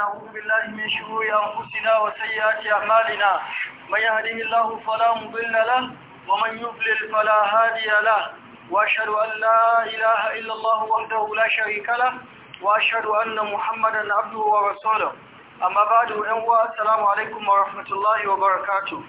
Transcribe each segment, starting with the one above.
ونعوذ بالله من شرور أنفسنا وسيئات أعمالنا من يهده الله فلا مضل له ومن يضلل فلا هادي له وأشهد أن لا إله إلا الله وحده لا شريك له وأشهد أن محمدا عبده ورسوله أما بعد أنوا السلام عليكم ورحمة الله وبركاته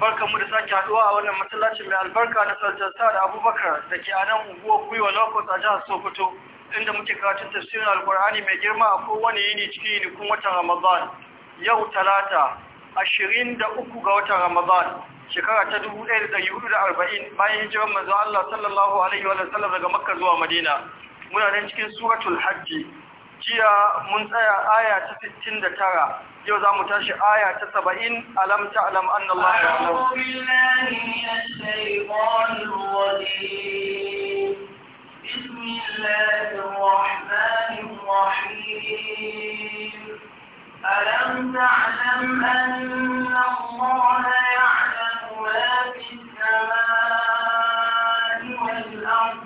barka mu da sake haduwa a wannan masallacin mai albarka na Sultan Sa'ad Abubakar da ke a nan unguwar Gwiwa Locust a jihar Sokoto inda muke karatun tafsirin alkur'ani mai girma a kowane yini cikin yinikun watan ramadan yau talata ashirin da uku ga watan ramadan shekara ta dubu ɗaya da ɗari hudu da arba'in bayan hijirar manzo allah sallallahu alaihi wa sallam daga makka zuwa madina muna nan cikin suratul hajji jiya mun tsaya aya ta sittin da tara yau za mu tashi aya ta saba'in alam ta alam anna allah ya بسم الله الرحمن الرحيم ألم تعلم أن الله يعلم ما في السماء والأرض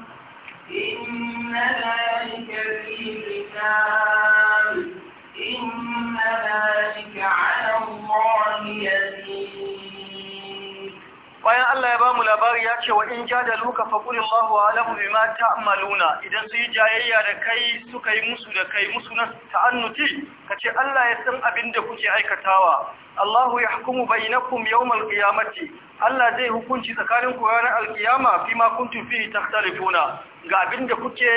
إن ذلك في كتاب إن ذلك على الله يسير bayan Allah ya bamu labari ya ce wa in jadaluka faqulillahu a'lamu bima ta'maluna idan su yi jayayya da kai suka yi musu da kai musu na ta'annuti kace Allah ya san abin da kuke aikatawa Allahu yahkumu bainakum yawmal qiyamati Allah zai hukunci tsakanin ku ranar alkiyama fi ma kuntum fihi takhtalifuna ga abin da kuke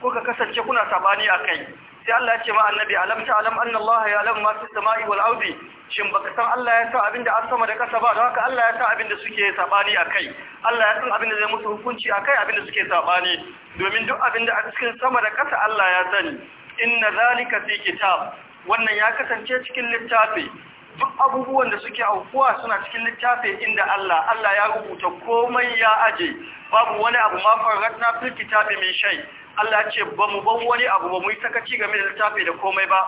kuka kasance kuna sabani akai sai Allah ya ce ma annabi alam ta alam anna Allah ya alam ma fis samai wal ardi shin baka san Allah ya san abinda a sama da kasa ba don haka Allah ya san abinda suke sabani akai Allah ya san abinda zai musu hukunci akai abinda suke sabani domin duk abinda a cikin sama da kasa Allah ya sani inna zalika fi kitab wannan ya kasance cikin littafi duk abubuwan da suke aukuwa suna cikin littafin inda Allah Allah ya rubuta komai ya aje babu wani abu ma faratna fil kitabi min shay Allah ce ba mu ban wani abu ba mu yi sakaci game da littafi da komai ba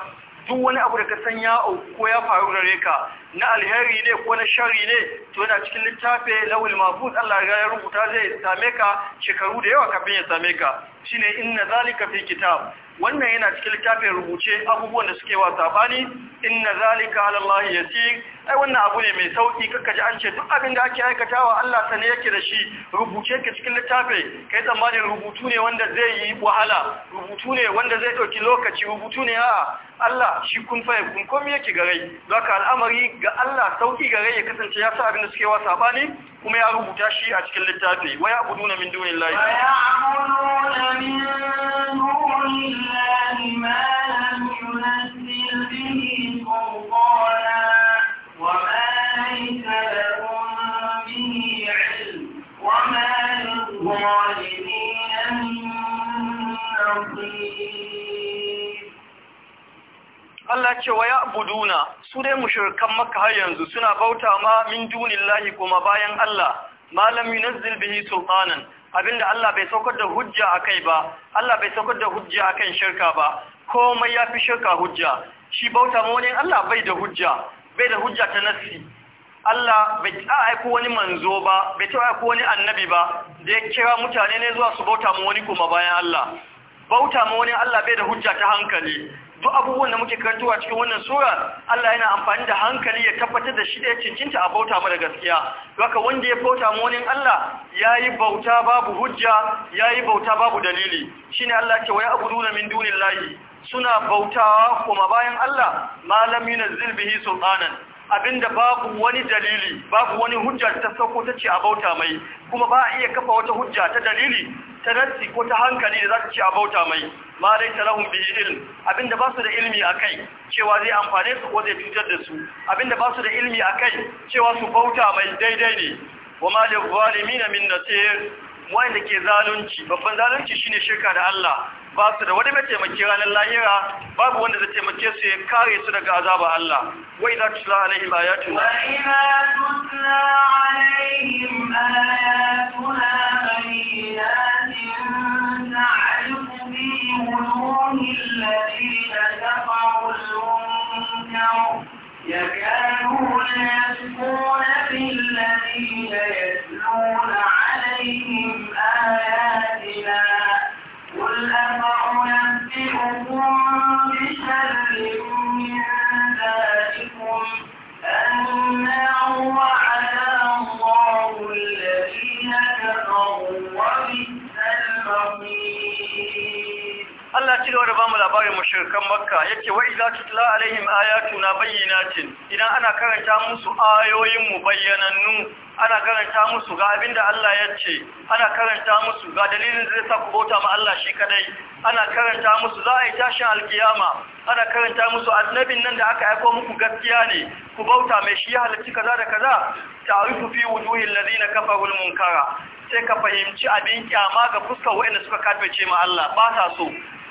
duk wani abu da ka san ya auku ya faru da ka na alheri ne ko na shari ne to yana cikin littafi lawil mafud Allah ya rubuta zai same ka shekaru da yawa kafin ya same ka shine inna zalika fi kitab wannan yana cikin littafin rubuce abubuwan da suke wa sabani inna zalika ala Allah yasir ai wannan abu ne mai sauki kaka ji an ce duk abin da ake aikatawa Allah sane yake da shi rubuce ka cikin littafi kai tsammanin rubutu ne wanda zai yi wahala rubutu ne wanda zai dauki lokaci rubutu ne a'a Allah shi kun fa kun komai yake gare ka al'amari ga Allah sauki rai ya kasance ya sa abin da suke wa sabani kuma ya rubuta shi a cikin littafi wa ya'buduna min dunillahi wa min dunillahi ma lam yunzil Allah ce wa ya'buduna su dai mushrikan Makka har yanzu suna bauta ma min dunillahi kuma bayan Allah malam yunazzil bihi sultanan abinda Allah bai saukar da hujja akai ba Allah bai saukar da hujja akan shirka ba komai yafi shirka hujja shi bauta ma wani Allah bai da hujja bai da hujja ta nassi Allah bai ta aiko wani manzo ba bai ta aiko wani annabi ba da ya kira mutane ne zuwa su bauta ma wani kuma bayan Allah bauta ma wani Allah bai da hujja ta hankali duk abubuwan da muke a cikin wannan sura Allah yana amfani da hankali ya tabbatar da shi da ya cincinta a bauta mu da gaskiya haka wanda ya bauta mu wani Allah yayi bauta babu hujja yayi bauta babu dalili shine Allah ce wa ya'buduna min dunillahi suna bautawa kuma bayan Allah malamin yunzil bihi sultanan abinda babu wani dalili babu wani hujja ta sauko ta ce a bauta mai kuma ba a iya kafa wata hujja ta dalili ta nassi ko ta hankali da za ta ce a bauta mai ma dai ta lahun biyu ilm abinda ba su da ilmi a kai cewa zai amfane su ko zai cutar da su abinda ba su da ilmi a kai cewa su bauta mai daidai ne wa ma lil min nasir wanda ke zalunci babban zalunci shine shirka da Allah ba su da wani mataimaki ranar lahira babu wanda zai taimake su ya kare su daga azaba Allah wa idza tutla alaihim ayatuna wa idza alaihim ayatuna bayyinatin bi kafaru يكانون يسمون بالذين يتلون عليهم آياتنا قل أفأنبئكم بشر من ذلكم النار وعلى الله الذين كفروا وبئس المصير الله تلو ربما labarin mashirkan makka ce wa idza tutla alaihim ayatuna bayyinatin idan ana karanta musu ayoyin mu bayyanannu ana karanta musu ga abinda Allah ya ce, ana karanta musu ga dalilin zai sa ku ma Allah shi kadai ana karanta musu za a yi tashin alkiyama ana karanta musu annabin nan da aka aiko muku gaskiya ne ku bauta mai shi halitta kaza da kaza ta'rifu fi wujuhil ladina kafaru almunkara sai ka fahimci abin kyama ga fuskar waɗanda suka kafirce ma Allah ba ta so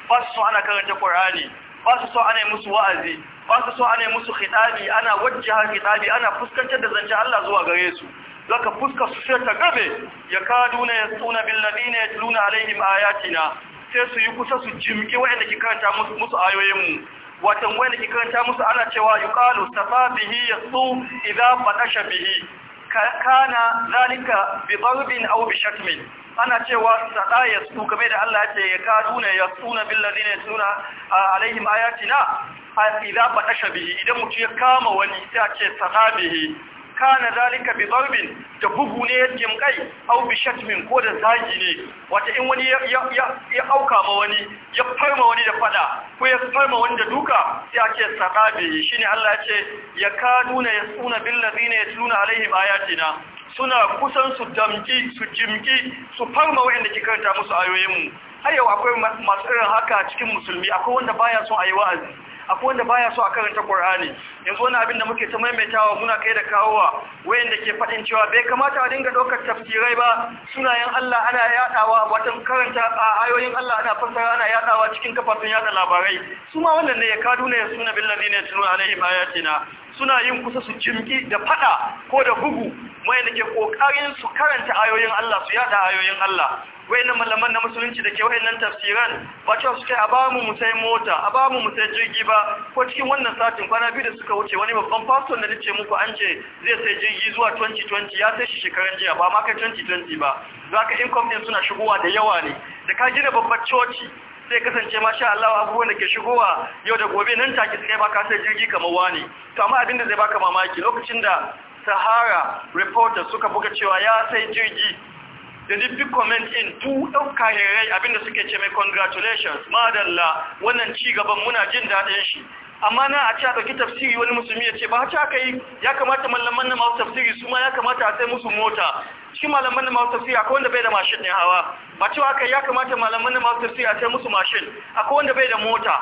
ba su so ana karanta Qur'ani ba su so ana musu wa'azi ba su so ana musu khitabi ana wajjaha khitabi ana fuskantar da zance Allah zuwa gare su zaka fuska su sai ta gabe ya kaduna yasuna bil ladina yatluna alaihim ayatina sai su yi kusa su jimki wayanda ke karanta musu ayoyin mu watan wayanda ke karanta musu ana cewa yuqalu safa bihi yasu idza fatasha bihi kana zalika bi darbin aw bi shatmin ana cewa sada ya su kame da Allah ce ya kaduna ya suna billazina a alaihim ayatina ba badasha bihi idan mutum ya kama wani sai a ce sada bihi kana zalika bi darbin da bugu ne yake mkai au bi shatmin ko da zagi ne wata in wani ya auka ma wani ya farma wani da fada ko ya farma wani da duka sai a ce sadabi shine Allah ya ce ya kaduna yasuna bil ladina suna alaihim ayatina suna kusan su damki su jimki su farma wa'anda ke karanta musu ayoyinmu har yau akwai masu irin haka cikin musulmi akwai wanda baya son a yi wa'azi akwai wanda baya so a karanta Qur'ani yanzu wani abin da muke ta maimaitawa muna kai da kawowa wayanda ke fadin cewa bai kamata a dinga daukar tafsirai ba yin Allah ana yadawa watan karanta a ayoyin Allah ana fassara ana yadawa cikin kafafun yada labarai su ma wannan ne ya kaduna ya suna bil ladina yatlu alaihim ayatina suna yin kusa su jimki da fada ko da bugu da ke kokarin su karanta ayoyin Allah su yada ayoyin Allah Wai na malaman na musulunci da ke wayannan tafsiran ba cewa suka a ba mu musai mota a ba mu musai jirgi ba ko cikin wannan satin kwana biyu da suka wuce wani babban pastor da nace muku an ce zai sai jirgi zuwa 2020 ya sai shi shekaran jiya ba ma kai 2020 ba zaka income din suna shigowa da yawa ne da ka gina babbar coci sai kasance ma sha Allah abubuwan da ke shigowa yau da gobe nan take sai ka sai jirgi kamar wani to amma abin da zai baka mamaki lokacin da sahara reporter suka buga cewa ya sai jirgi da duk comment in tu ɗauka herai abinda suke ce mai congratulations madalla wannan ci gaban muna jin daɗin shi amma na a ce a tafsiri wani musulmi ya ce ba haka aka yi ya kamata malaman na masu tafsiri su ma ya kamata a sai musu mota shi malaman na masu tafsiri akwai wanda bai da mashin ɗin hawa ba cewa aka ya kamata malaman na masu tafsiri a sai musu mashin akwai wanda bai da mota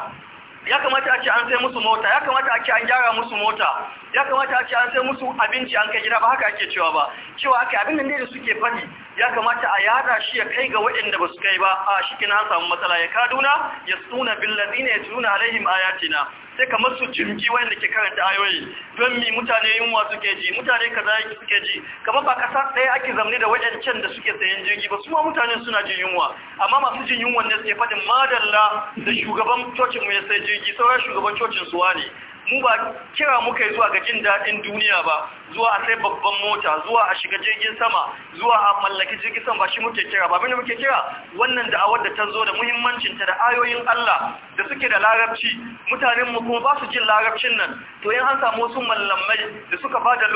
ya kamata a ce an sai musu mota ya kamata a ce an gyara musu mota ya kamata a ce an sai musu abinci an kai gida ba haka ake cewa ba cewa aka abin da ne da suke fadi ya kamata a yada shi ya kai ga waɗanda ba su kai ba a shi kina an samu matsala ya kaduna ya suna billazina ya tuna alaihim ayatina sai kamar su jimgi wanda ke karanta ayoyi don mi mutane yunwa suke ji mutane kaza suke ji kamar ba kasa ɗaya ake zamani da waɗancan da suke sayan jirgi ba su ma mutane suna jin yunwa amma masu jin yunwa ne suke faɗin madalla da shugaban cocin mu ya sai jirgi sauran shugaban cocin suwa ne mu ba kira muka yi zuwa ga jin daɗin duniya ba zuwa a sai babban mota zuwa a shiga jirgin sama zuwa a mallaki jirgin sama ba shi muke kira ba mini muke kira wannan da'awar da ta zo da muhimmancinta da ayoyin Allah da suke da larabci mutanen mu kuma ba su jin larabcin nan to in an samu wasu mallamai da suka ba da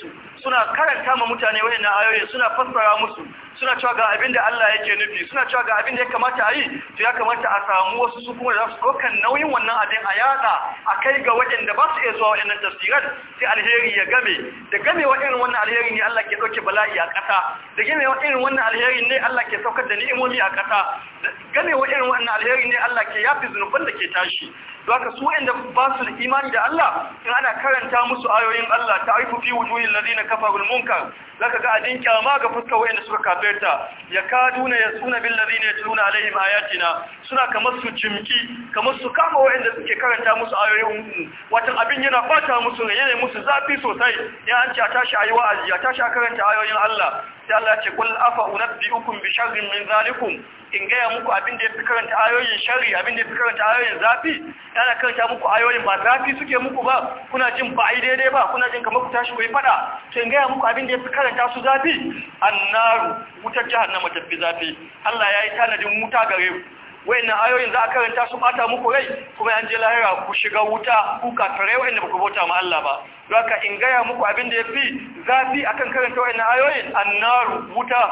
su suna karanta ma mutane wayannan ayoyin suna fassara musu suna cewa ga abin da Allah yake nufi suna cewa ga abin da ya kamata a yi to ya kamata a samu wasu su kuma da su dokan nauyin wannan abin a yada a kai ga waɗanda ba su iya zuwa waɗannan tasirar, sai alheri ya game da game wa irin wannan alheri ne Allah ke ɗauke bala'i a ƙasa da game wa irin wannan alheri ne Allah ke saukar da ni'imomi a ƙasa da game wa irin wannan alheri ne Allah ke yafi zunuban da ke tashi don haka su waɗanda ba su da imani da Allah in ana karanta musu ayoyin Allah ta aifu fi wujuhil ladina kafarul munkar zaka ga adin kyama ga fuskar waɗanda suka kafe ta ya kaduna ya suna billazina yatluna alaihim ayatina suna kamar su cimki kamar su kama waɗanda suke karanta musu ayoyin watan abin yana fata musu ne yanayi musu zafi sosai ya an ce a tashi a yi wa'azi a tashi a karanta ayoyin Allah sai Allah ya ce kul afa bi sharrin min zalikum in gaya muku abin da ya fi karanta ayoyin shari abin da ya fi karanta ayoyin zafi yana karanta muku ayoyin ba zafi suke muku ba kuna jin ba a yi daidai ba kuna jin kamar ku tashi ku yi fada to gaya muku abin da ya fi karanta su zafi annaru wutar jihar na tafi zafi Allah ya yi tanadin wuta gare ku wayannan ayoyin za a karanta su bata muku rai kuma an je lahira ku shiga wuta ku kafirai wayanda baku bauta ma Allah ba haka in gaya muku abin da yafi zafi akan karanta wayannan ayoyin annar wuta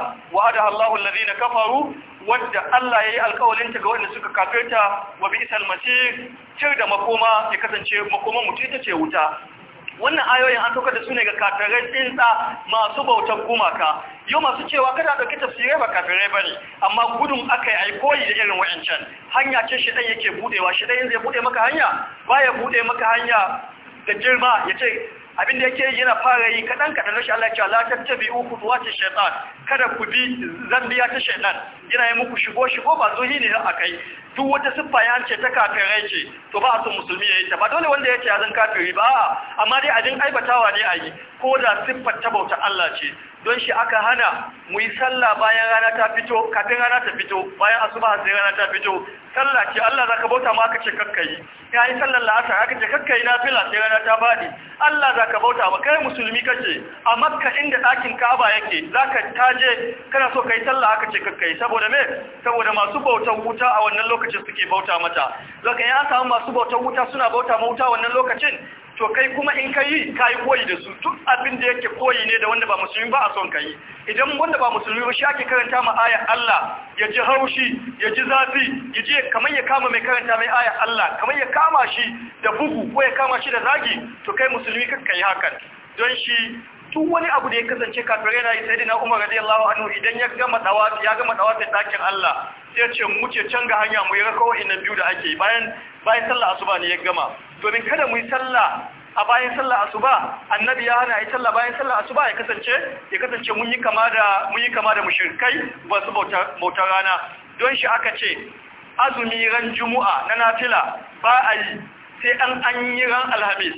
ada Allahu alladhina kafaru wadda Allah yayi alƙawarin ta ga wanda suka kafirta wa bi'sal masir cir da makoma ya kasance makoman mutunta ita ce wuta wannan ayoyin an saukar da su ne ga kafirai tsinsa masu bautar gumaka yau masu cewa kada su tafsirai ba kafirai ba ne amma gudun aka yi ai koyi da irin wa'ancan hanya ce shi yake buɗewa shi za zai buɗe maka hanya Ba ya buɗe maka hanya da girma ya ce abin da yake yana fara yi kaɗan kaɗan rashin Allah ya ce la tattabi uku tuwace shaytan kada ku bi zambiya ta shaytan yana yi muku shigo shigo ba zo ne a kai duk wata siffa ya ce ta kafirai ce to ba su musulmi ya yi ta ba dole wanda ya ce ya zan kafiri ba amma dai jin aibatawa ne a yi ko da siffar ta bauta Allah ce don shi aka hana mu yi sallah bayan rana ta fito kafin rana ta fito bayan asuba sai rana ta fito sallah ce Allah zaka bauta ma aka ce yi. ya yi sallar la'asar aka ce na nafila sai rana ta bani Allah zaka bauta ma kai musulmi kace a Makka inda ɗakin Ka'aba yake zaka taje kana so kai sallah aka ce yi. saboda me saboda masu bautan wuta a wannan lokacin lokacin suke bauta mata zaka ya samu masu bautar wuta suna bauta ma wuta wannan lokacin to kai kuma in ka yi ka yi koyi da su duk abin da yake koyi ne da wanda ba musulmi ba a son ka yi idan wanda ba musulmi ba shi ake karanta ma ayar Allah ya ji haushi ya ji zafi ya ji kamar ya kama mai karanta mai ayar Allah kamar ya kama shi da bugu ko ya kama shi da zagi to kai musulmi kakka yi hakan don shi Tun wani abu da ya kasance kafirai na yi sai dina umar radiyallahu anhu idan ya gama tawafi ya gama tsawafi dakin Allah sai ce mu ce can ga hanya mu yi rakawa innan biyu da ake bayan bayan sallah asuba ne ya gama domin kada mu yi sallah a bayan sallah asuba annabi ya hana yi sallah bayan sallah asuba ya kasance ya kasance mun yi kama da mun yi kama da mushrikai ba su bautar rana don shi aka ce azumi ran juma'a na nafila ba a yi sai an an yi ran alhamis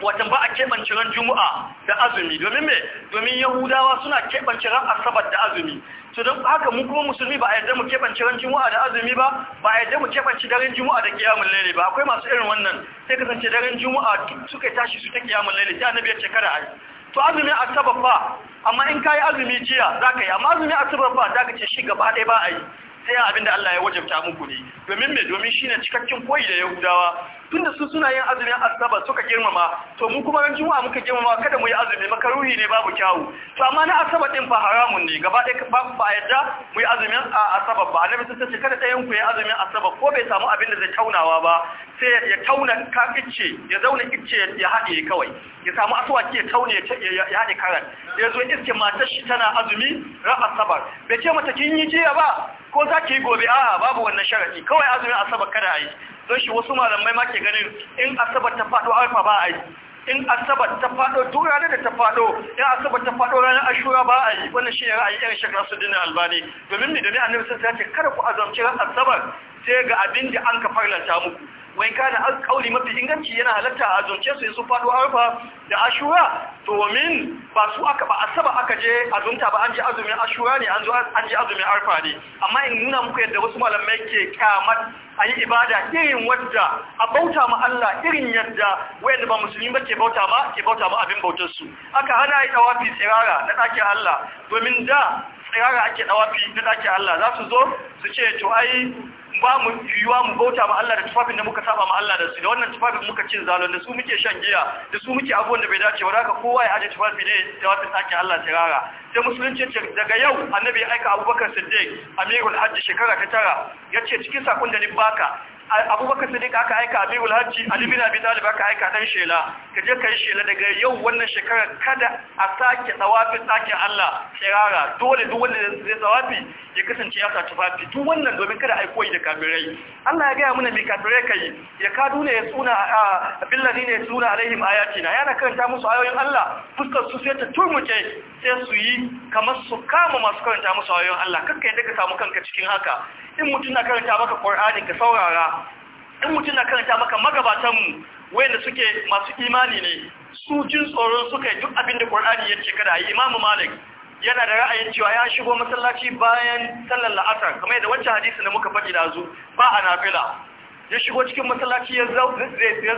watan ba a keɓance ran juma'a da azumi domin me domin yahudawa suna keɓance ran asabar da azumi to don haka mu kuma musulmi ba a yarda mu keɓance ran juma'a da azumi ba ba a yarda mu keɓance daren juma'a da kiyamun laili ba akwai masu irin wannan sai kasance daren juma'a suka tashi su ta kiyamun laili sai annabi ya ce kada ai to azumi asabar ba amma in kai azumi jiya zaka yi amma azumi asabar ba zaka ce shi gaba ɗaya ba a yi matsayin abin da Allah ya wajabta muku ne domin me domin shine cikakken koyi da Yahudawa tunda su suna yin azumin asaba suka girmama to mu kuma ran juma'a muka girmama kada mu yi azumi makaruhi ne babu kyawu to amma na asaba din fa haramun ne gaba ɗaya ba ba yadda mu yi azumin asaba ba annabi sun ce kada ɗayan ku yi azumin asaba ko bai samu abin da zai taunawa ba sai ya tauna kakice ya zauna kice ya haɗe kawai ya samu aswaki ya taune ya haɗe karan ya zo iske matar shi tana azumi ra asabar bai ce mata kin yi jiya ba ko za ki yi gobe a'a babu wannan sharadi kawai azumin asabar kada a yi don shi wasu malamai ma ke ganin in asabar ta faɗo arfa ba a yi in asabar ta faɗo duk da ta faɗo in asabar ta faɗo ranar ashura ba a yi wannan shi ne ra'ayi irin shekara su dinar albani domin mi domin annabi sun ce kada ku azamci ran asabar sai ga abin da an ka farlanta muku wai kana kauli mafi inganci yana halatta a zonce su su faɗo arfa da ashura domin ba su aka ba asaba aka je azunta ba an ji azumin ashura ne an zo ji azumin arfa ne amma in nuna muku yadda wasu malamai ke kyamat a yi ibada irin wadda a bauta ma Allah irin yadda wayanda ba musulmi ba ke bauta ma ke bauta ma abin bautar su aka hana yi tawafi tsirara na ɗakin Allah domin da tsirara ake tawafi na ɗakin Allah za su zo su ce to ai ba mu yiwa mu bauta ma Allah da tufafin da muka saba ma Allah da su da wannan tufafin muka cin zalon da su muke shan giya da su muke abubuwan da bai dace ba haka kowa ya aje tufafi ne da wata sake Allah rara sai musulunci daga yau annabi ya aika Abubakar Siddiq Amirul Hajj shekara ta tara yace cikin sakon da ni baka abubakar siddiq aka aika amirul hajji ali bin abi talib aka aika dan shela ka je kai shela daga yau wannan shekara kada a sake tsawafin sake Allah rara dole duk wanda zai tsawafi ya kasance ya sa tufafi duk wannan domin kada ai koyi da kafirai Allah ya gaya mana bi kafirai kai ya kadu ne ya tsuna billazi ne tsuna alaihim ayatina yana karanta musu ayoyin Allah fuskar su sai ta turmuke sai su yi kamar su kama masu karanta musu ayoyin Allah kanka yadda ka samu kanka cikin haka in mutum na karanta maka Qur'ani ka saurara in mutum na karanta maka magabatan mu wayanda suke masu imani ne su jin tsoron suka yi duk abin da Qur'ani ya ce kada yi Imam Malik yana da ra'ayin cewa ya shigo masallaci bayan sallar la'asar kamar yadda wancan hadisi da muka faɗi da zu ba a nafila ya shigo cikin masallaci ya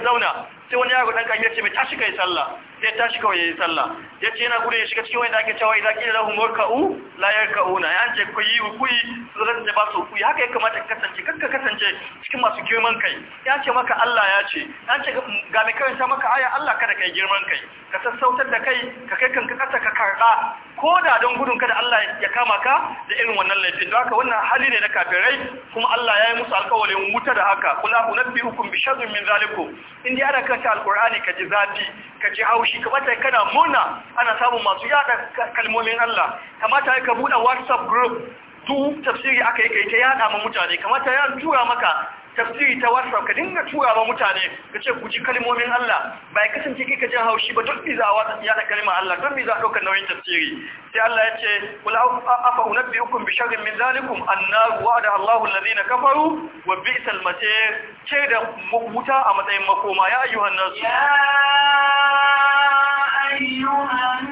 zauna sai wani yaro dan kan ya ce mai tashi kai sallah sai tashi kawai yayi sallah ya ce yana gudu ya shiga cikin wanda ake cewa idan kila lahum warka'u la yarka'una ya ce ku yi ku yi su zan da ba su ku haka ya kamata ka kasance kanka kasance cikin masu girman kai ya ce maka Allah ya ce ya ce ga mai karanta maka aya Allah kada kai girman kai ka sassautar da kai ka kai kanka kasa ka karba ko da don gudun kada Allah ya kama ka da irin wannan laifin don haka wannan hali ne na kafirai kuma Allah ya yi musu alƙawarin wuta da haka kula unabbi hukum bi sharrin min zalikum in dai ana kan karanta alkur'ani ka ji zafi ka ji haushi kamata kana murna ana samun masu yada kalmomin Allah kamata ka buɗe whatsapp group duk tafsiri aka yi kai ta yada ma mutane kamata ya tura maka tafsiri ta whatsapp ka dinga tura mutane ka ce guji kalmomin Allah bai kasance kika jin haushi ba duk biza ta ya da kalmar Allah don biza nauyin tafsiri sai Allah ya ce kul afa unabbiukum bi sharrin min zalikum annar wa'ada Allahu alladhina kafaru wa bi'sal masir ce da wuta a matsayin makoma ya ayyuhan nas ya ayyuhan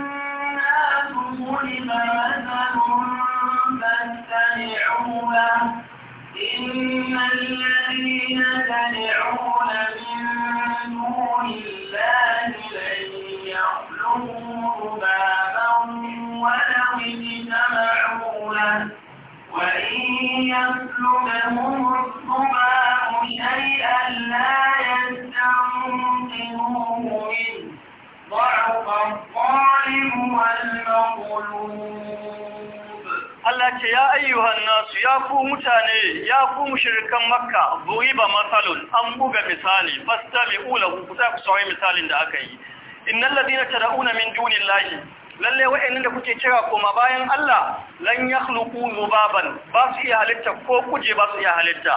nas mulima إن الذين تدعون من دون الله لن يخلقوا ذبابا ولو اجتمعوا له وإن يسلبهم الذباب شيئا لا يستنقذوه منه ضعف الظالم والمظلوم Allah ce ya ayyuhan su ya ku mutane ya ku mushrikan makka ba masalun an buga misali fastami'u lahu ku ta ku misalin da aka yi innal ladina tad'una min dunillahi lalle wa'annan da kuke kira koma bayan Allah lan yakhluqu zubaban ba su iya halitta ko kuje ba su iya halitta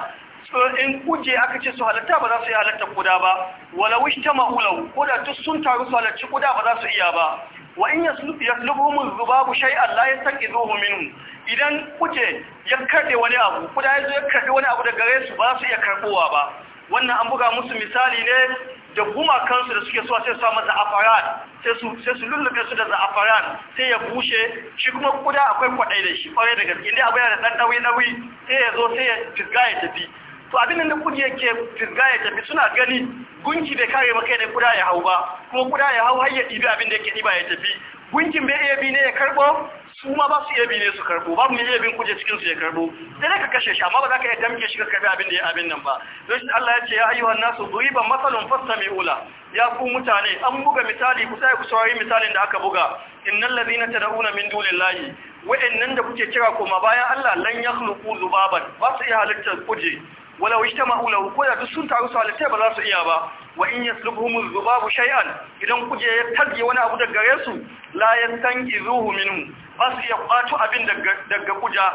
in kuje aka ce su halitta ba za su iya halitta kuda ba wala wish ta ma'ulau ko da duk sun taru su halarci kuda ba za su iya ba wa in yaslub yaslubuhum dhubabu shay'an la yastaqizuhu minhu idan kuce ya karbe wani abu kuda yazo ya karbe wani abu daga gare su ba su iya karbowa ba wannan an buga musu misali ne da gumakansu da suke so sai su samu afarat sai su sai su lulluke su da afarat sai ya bushe shi kuma kuda akwai kwadai da shi kwarai da gaske inda abu yana da dan dawi dawi sai ya zo sai ya fisga ya tafi to abin da kudi yake firga ya tafi suna gani gunki bai kare maka da kuda ya hau ba kuma kuda ya hau har ya ɗibi abin da yake ɗiba ya tafi gunkin bai iya bi ne ya karɓo su ma ba su iya bi ne su karɓo babu mu iya bin kuje cikin su ya karɓo sai dai ka kashe shi amma ba za ka iya damke shi ka karɓi abin da ya abin nan ba don shi Allah ya ce ya ayyuhan nasu duriba masalun fastami'ula ya ku mutane an buga misali ku sai ku saurari misalin da aka buga innal ladina tad'una min dunillahi wa'annan da kuke kira koma bayan Allah lan yakhluqu zubaban ba su iya kuje walau ta lahu ko da duk sun taru salitai ba za su iya ba wa in yaslubuhum dhubabu shay'an idan kuje ya tarje wani abu daga gare su la yastanqizuhu minhu ba su iya kwato abin daga daga kuja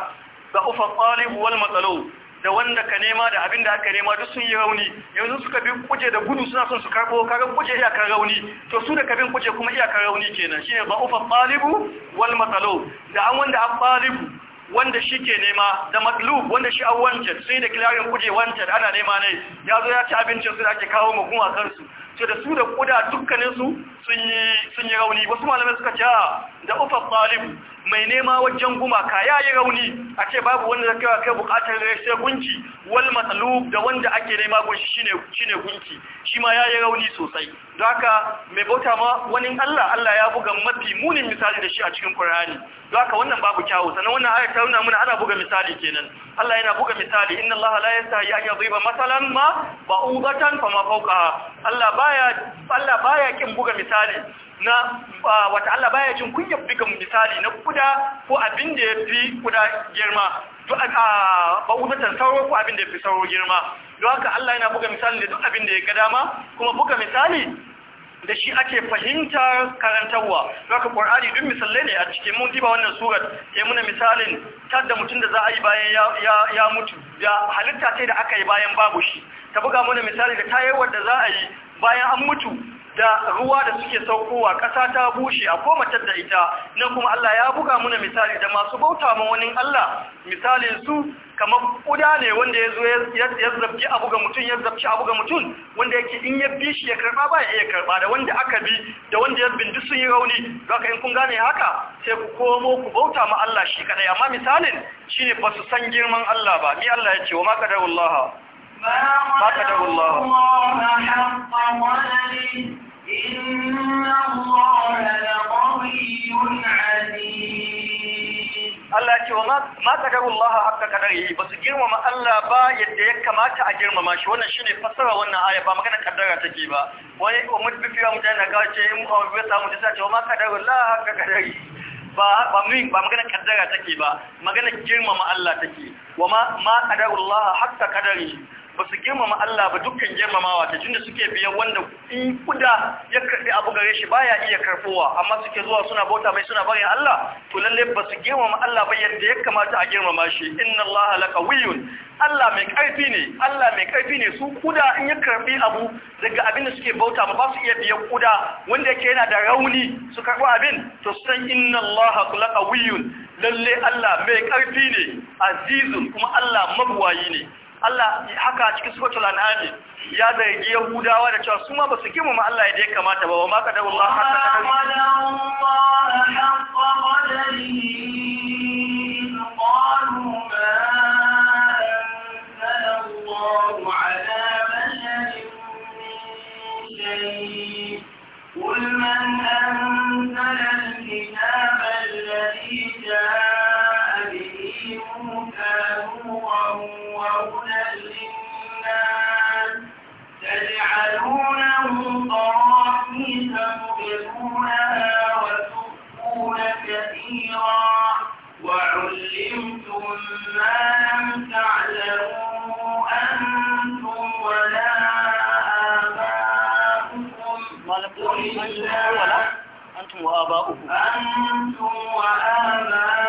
da ufa talib wal matsalu da wanda ka nema da abin da aka nema duk sun yi rauni yanzu suka bin kuje da gudu suna son su karbo karan kuje iyakar rauni to su da ka bin kuje kuma iyakar rauni kenan shine ba ufa talibu wal matsalu da an wanda an talibu wanda shi ke nema da matlub wanda shi an wancan sai da kilarin kuje wancan ana nema ne ya zo ya ci abincin su da ake kawo mu a kansu to da su da kuda dukkaninsu sun yi rauni wasu malamai suka ce ah, da ufa talib mai nema wajen gumaka ya yi rauni a ce babu wanda da kai kai bukatar rashe gunki wal matsalub da wanda ake nema gunki shine shine gunki shi ma ya yi rauni sosai don haka mai bauta ma wani Allah Allah ya buga mafi munin misali da shi a cikin Qur'ani don haka wannan babu kyawu sannan wannan ayat ta nuna muna ana buga misali kenan Allah yana buga misali inna Allah la yastahi an yadhiba masalan ma ba'udatan fama fawqaha Allah baya Allah baya kin buga misali na wata Allah baya jin kunya buga misali na kuda ko abin da yafi kuda girma to a sauro ko abin da yafi sauro girma don haka Allah yana buga misali da duk abin da ya ga dama kuma buga misali da shi ake fahimtar karantarwa haka qur'ani duk misalai ne a cikin mun diba wannan surat ya muna misalin da mutum da za a yi bayan ya mutu da halitta ce da aka yi bayan babu shi ta buga muna misali da tayarwar da za a yi bayan an mutu da ruwa da suke saukowa ƙasa ta bushe a komatar da ita na kuma Allah ya buga muna misali da masu bauta ma wani Allah misalin su kamar ƙuda ne wanda ya zo ya zabci abu mutum ya zabci mutum wanda yake in ya bi shi ya karba ba ya iya karba da wanda aka bi da wanda ya bindi sun yi rauni ka in kun gane haka sai ku komo ku bauta ma Allah shi kadai amma misalin ne ba su san girman Allah ba ni Allah ya ce wa ma qadarullah Allah ce wa ma zagarun laha haka kadari ba su girmama Allah ba yadda ya kamata a girmama shi wannan shine fasara wannan aya ba magana kaddara take ba wani umar bifiya mutane na ce in umar bifiya samu ta ce wa ma kadarun laha haka kadari ba min ba magana kaddara take ba magana girmama Allah take wa ma ma haka hatta yi ba su girmama Allah ba dukkan girmamawa ta tunda suke biyan wanda in kuda ya karbi abu gare shi baya iya karfowa amma suke zuwa suna bauta mai suna barin Allah to lalle ba su girmama Allah ba yadda ya kamata a girmama shi inna Allah laqawiyun Allah mai karfi ne Allah mai karfi ne su kuda in ya karbi abu daga abin da suke bauta ba su iya biyan kuda wanda yake yana da rauni su karɓi abin to san inna Allah laqawiyun lalle Allah mai karfi ne azizun kuma Allah mabwayi ne Allah haka a cikin suratul an'am ya zargi yahudawa da cewa su ma basu kima ma Allah yadda ya kamata ba wa ma qadarullahi haqqa qadarihi وعلمتم ما لم تعلموا أنتم ولا آباؤكم قل الله أنتم وآباؤكم أنتم وآباؤكم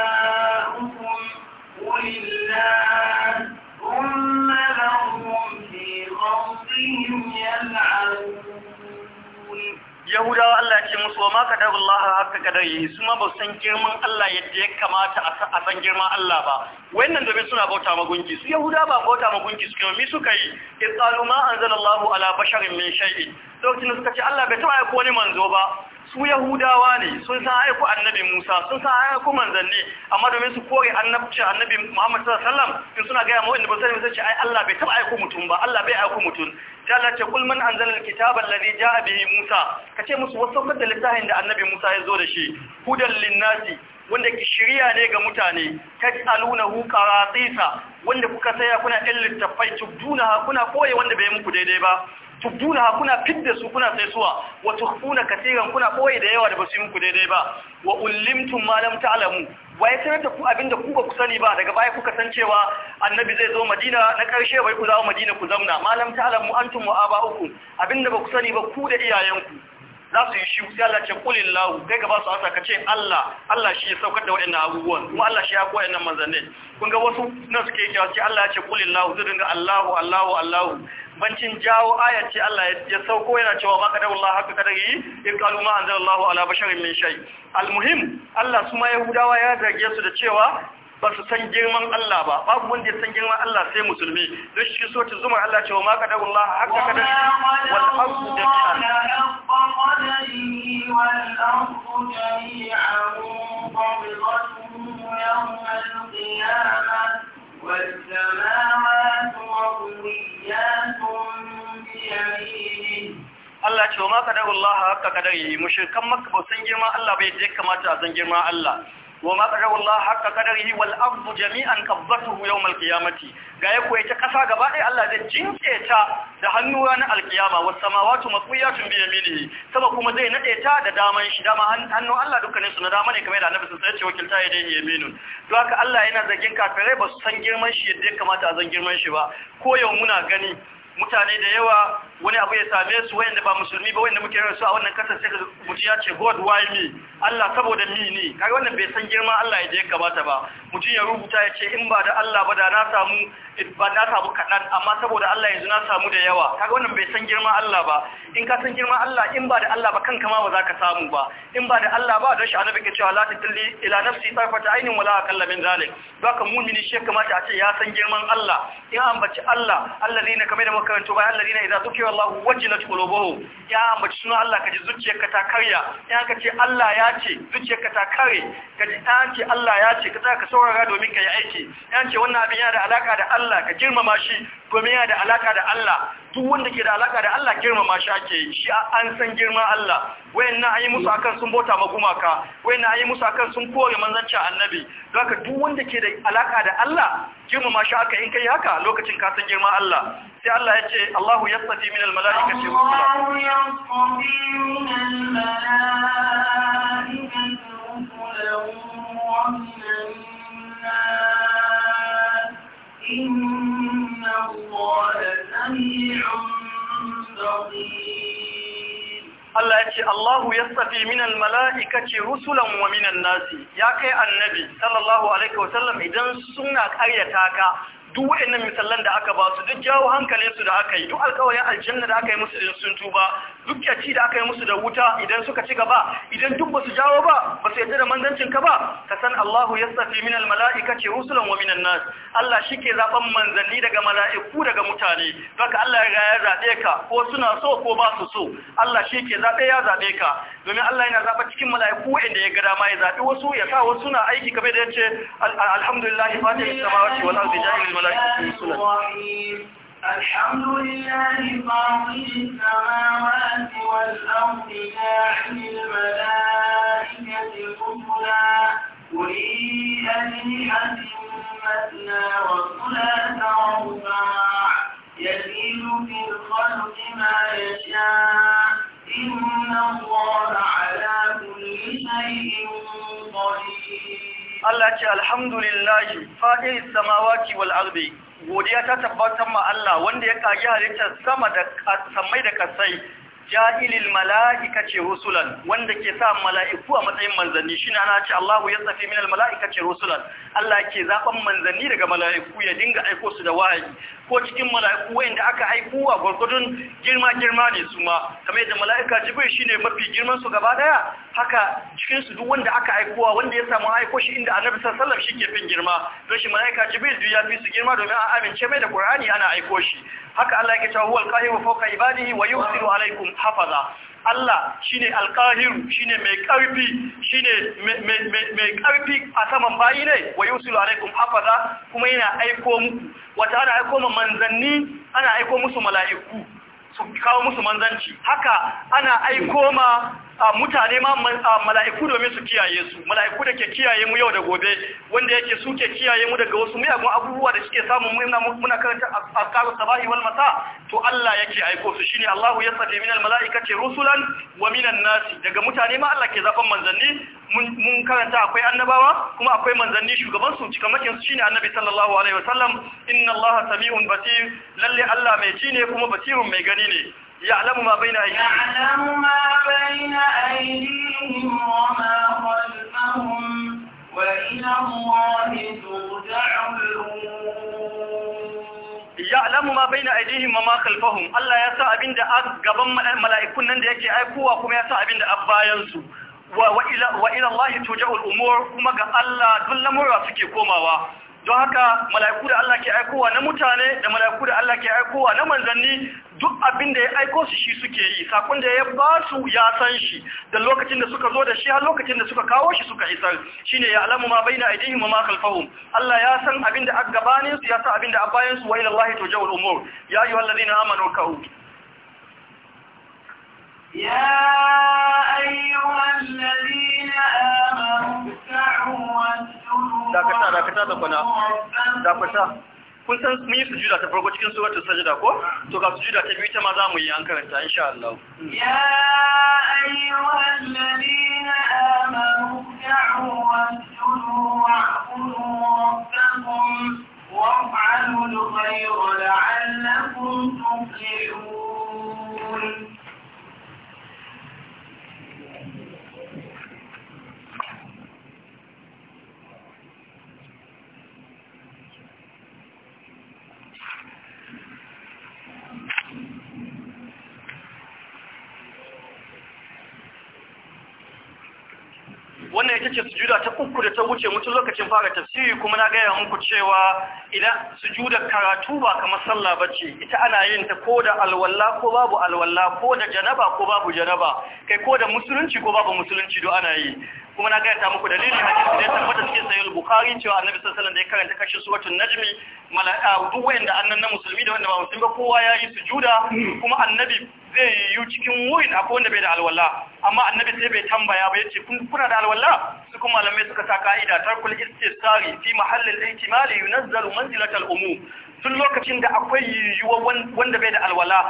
yahudawa Allah ce musu wa ma Allah haka qadari su ma ba san girman Allah yadda ya kamata a san girman Allah ba wayannan domin suna bauta magunki su yahudawa ba bauta magunki su, mi suka yi in qalu ma Allah ala basharin min shay'in na suka ce Allah bai taba aiko wani manzo ba su yahudawa ne sun san aiku annabi musa sun san aiku manzanni amma domin su kore annabci annabi muhammad sallallahu alaihi wasallam in suna gaya ma da ba sani sai ce ai allah bai taba aiku mutum ba allah bai aiku mutum ta allah ce kul man anzala alkitaba alladhi ja'a bihi musa kace musu wasaukar da littafin da annabi musa ya zo da shi hudan linnasi wanda ki shirya ne ga mutane hu qaratisa wanda kuka saya kuna illin littattafai tubduna kuna koyi wanda bai muku daidai ba tubduna kuna fidda su kuna sai suwa wa tukhfuna katiran kuna boye da yawa da basu muku daidai ba wa ullimtum ma lam ta'lamu wa sanar ku abinda ku ba ku sani ba daga baya kuka san cewa annabi zai zo Madina na karshe bai ku zama Madina ku zamna ma lam ta'lamu antum wa aba'ukum abinda ba ku sani ba ku da iyayenku za su yi shi sai Allah ce kulin lahu kai gaba su asa ka ce Allah Allah shi ya saukar da waɗannan abubuwan kuma Allah shi ya koya nan manzannin kun ga wasu nan suke yi ce Allah ya ce kulin Lawu. zai dinga Allahu Allahu Allahu bancin jawo ayat ce Allah ya sauko yana cewa ma kadar Allah haka kadar yi in kalu ma Allah ala basharin min shai almuhim Allah su ma yahudawa ya zarge su da cewa ba su san girman Allah ba babu wanda ya san girman Allah sai musulmi don shi so ta zuma Allah cewa ma kadar Allah ka kadar wal ardu jami'an Allah ce wa ma kadar Allah haka kadar yi kan maka ba san girman Allah ba yadda ya kamata a san girman Allah wa matsarau Allah haka yi wal ardu jami'an qabbatuhu yawm al qiyamati ga yako yace kasa gaba ɗaya Allah zai jinke ta da hannu ranar alkiyama qiyama was samawati maqwiyatun bi yaminihi sama kuma zai nade ta da daman shi dama hannu Allah dukkanin su na dama ne kamar da Annabi sai ce wakilta ya dai wakilta yadayhi yaminun to haka Allah yana zargin kafirai ba su san girman shi yadda ya kamata a san girman shi ba ko yau muna gani mutane da yawa wani abu ya same su wayanda ba musulmi ba wayanda muke rasu a wannan kasar sai mutum ya ce god why me Allah saboda ni ne kai wannan bai san girman Allah ya kamata ba mutum ya rubuta ya ce in ba da Allah ba da na samu ba na samu kadan amma saboda Allah yanzu na samu da yawa kai wannan bai san girman Allah ba in ka san girman Allah in ba da Allah ba kanka ma ba za ka samu ba in ba da Allah ba da shi annabi ke cewa la tilli ila nafsi tarfata ainin wala akalla min zalik ka mumini shi kamata a ce ya san girman Allah in ambaci Allah ne kamar da makarantu ba allazina idza tukira Allah wajilat qulubuhum ya ambaci sunan Allah kaji zuciyarka ta karya ya ka ce Allah ya ce zuciyarka ta kare kaji ta ce Allah ya ce ka ka saurara domin ka yi aiki ya ce wannan abin yana da alaka da Allah ka girmama shi domin yana da alaka da Allah duk wanda ke da alaka da Allah girmama shi ake shi an san girman Allah na ayi musu akan sun bota ma gumaka na ayi musu akan sun kore manzancin annabi haka duk wanda ke da alaka da Allah girmama shi aka in kai haka lokacin ka san girman Allah sai Allah ya ce Allahu yasfi min al malaika shi Allahu yasfi Allah ya ce, Allah ya tsafi minan mala’ikaci rusulan wa minan nasi, ya kai annabi, sallallahu alaikawa sallam idan suna ƙaryata ka duwa inna misallan da aka ba su duk jawo hankalinsu da aka yi, duk alkawar aljanna da aka yi musulun sun duba. duk ci da aka yi musu da wuta idan suka ci gaba idan duk ba su jawo ba ba su yadda da manzancin ka ba ka san Allahu ya safi minal mala'ika ce rusulan wa minan nas Allah shi ke manzanni daga mala'iku daga mutane baka Allah ya ya zaɓe ka ko suna so ko ba su so Allah shi ke zaɓe ya zaɓe ka domin Allah yana zaɓa cikin mala'iku inda ya ga dama ya zabi wasu ya sa wasu na aiki kamar da yace ce alhamdulillah fatihi samawati wal ardi ja'ilul mala'ikati rusulan الحمد لله فاطر السماوات والأرض جاعل الملائكة قبلا أولي أجنحة مثنى وثلاث ورباع يزيد في الخلق ما يشاء إن الله على كل شيء قدير Allah ce alhamdulillahi fadiris samawati wal ardi godiya ta tabbatar ma Allah wanda ya kage halittar sama da samai da kasai ja'ilil mala'ikati rusulan wanda ke sa mala'iku a matsayin manzanni shine ana ce Allahu tsafi minal mala'ikati rusulan Allah ke zaban manzanni daga mala'iku ya dinga aiko su da wahayi ko cikin mala'iku wanda aka aiko a gurgudun girma girma ne su ma kamar yadda mala'ika Jibril shine mafi girman su gaba daya haka cikin su duk wanda aka aiko wanda ya samu aiko shi inda Annabi sallallahu alaihi shi ke fin girma don shi mala'ika Jibril duk ya fi su girma domin a amince mai da Qur'ani ana aiko shi haka Allah yake cewa huwal qahiru fawqa ibadihi wa yusiru alaikum hafaza Allah shine alqahiru shine mai karfi shine mai karfi a saman bayi ne wa yusilu alaikum hafaza kuma yana aiko muku wata ana aiko ma manzanni ana aiko musu mala'iku su kawo musu manzanci haka ana aiko ma mutane ma mala'iku domin su kiyaye su mala'iku da ke kiyaye mu yau da gobe wanda yake su ke kiyaye mu daga wasu miyagun abubuwa da suke samun muna muna karanta azkaru sabahi wal masa to Allah yake aiko su shine Allah ya safi min al mala'ikati rusulan wa min an nasi daga mutane ma Allah ke zafan manzanni mun karanta akwai annabawa kuma akwai manzanni shugaban su makin su shine annabi sallallahu alaihi wasallam inna Allah sami'un basir lalle Allah mai cine ne kuma basirun mai gani ne يعلم ما بين أيديهم يعلم ما بين أيديهم وما خلفهم وإلى الله ترجع ya'lamu ma baina aydihim wa ma khalfahum Allah ya sa abinda a gaban mala'ikun da yake aikowa kuma ya sa abinda a bayan su wa ila wa ila umur kuma ga Allah duk lamura suke komawa don haka mala'iku da Allah ke aikowa na mutane da mala'iku da Allah ke aikowa na manzanni duk abin da ya aiko su shi suke yi sakon da ya ba su ya san shi da lokacin da suka zo da shi har lokacin da suka kawo shi suka isar shine ya alamu ma baina aidihim ma khalfahum Allah ya san abin da aka gabanin su ya san abin da a bayan su wa ila Allah tawjahul umur ya ayyuhallazina amanu ka'u يا kun san mun yi sujuda ta farko cikin suratul sajda ko to ga sujuda ta biyu ta ma za mu yi an karanta insha Allah ya ce sujuda ta uku da ta wuce mutum lokacin fara tafsiri kuma na gaya muku cewa idan sujuda karatu ba kamar sallah ba ce ita ana yin ta ko da alwala ko babu alwala ko da janaba ko babu janaba kai ko da musulunci ko babu musulunci do ana yi kuma na gaya ta muku dalilin hadisi da ya tabbata cikin sahih al-bukhari cewa annabi sallallahu alaihi wasallam da ya karanta kashi suratul najmi mala'a duk wanda annan na musulmi da wanda ba musulmi ba kowa yayi sujuda kuma annabi zai yiwu cikin wurin akwai wanda bai da alwala amma annabi sai bai tambaya ba yace kun kuna da alwala su kuma malamai suka sa ka'ida tarkul istisari fi mahallin ihtimali yunazzalu manzilatal umum tun lokacin da akwai yiwuwa wanda bai da alwala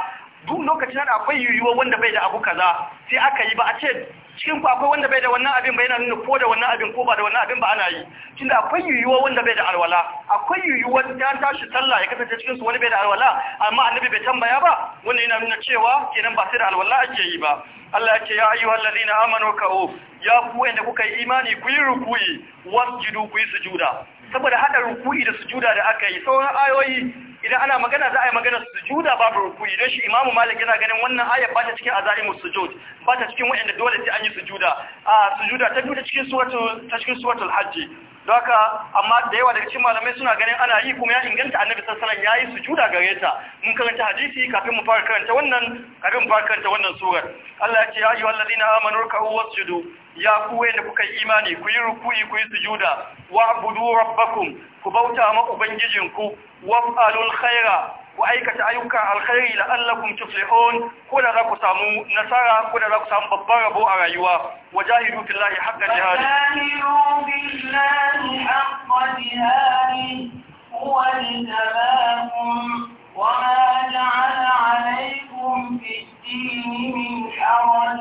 duk lokacin da akwai yiwuwa wanda bai da abu kaza sai aka yi ba a ce cikin ku akwai wanda bai da wannan abin ba yana nuna ko da wannan abin ko ba da wannan abin ba ana yi tunda akwai yiwuwa wanda bai da alwala akwai yiwuwa ta tashi sallah ya kasance cikin su wani bai da alwala amma annabi bai tambaya ba wannan yana nuna cewa kenan ba sai da alwala ake yi ba Allah ya ce ya ayyuhal ladina amanu ka'u ya ku wanda kuka yi imani ku yi rukuyi wasjudu ku yi sujuda saboda hada ruku'i da sujuda da aka yi sauran ayoyi idan ana magana za a yi magana sujuda babu ruku'i don shi imamu malik yana ganin wannan ayar ba ta cikin azaimu sujud ba ta cikin wa'anda dole sai an yi sujuda a sujuda ta biyu cikin suratul ta cikin suratul hajji Doka amma da yawa daga cikin malamai suna ganin ana yi kuma ya inganta annabi sassanan ya yi sujuda gare ta mun karanta hadisi kafin mu fara karanta wannan kafin mu fara karanta wannan surar Allah ya ce ya ayyuhal ladina amanu ruku'u wasjudu ya ku da kuka yi imani ku yi ruku'i ku yi sujuda wa abudu rabbakum ku bauta ma ubangijinku wa'alul khaira ku aikata ayyuka alkhairi la'allakum tuflihun ko da za ku samu nasara ko da za ku samu babban rabo a rayuwa wajahidu billahi haqqa jihadi wajahidu billahi haqqa jihadi huwa al-tabakum وما جعل عليكم في الدين من حرج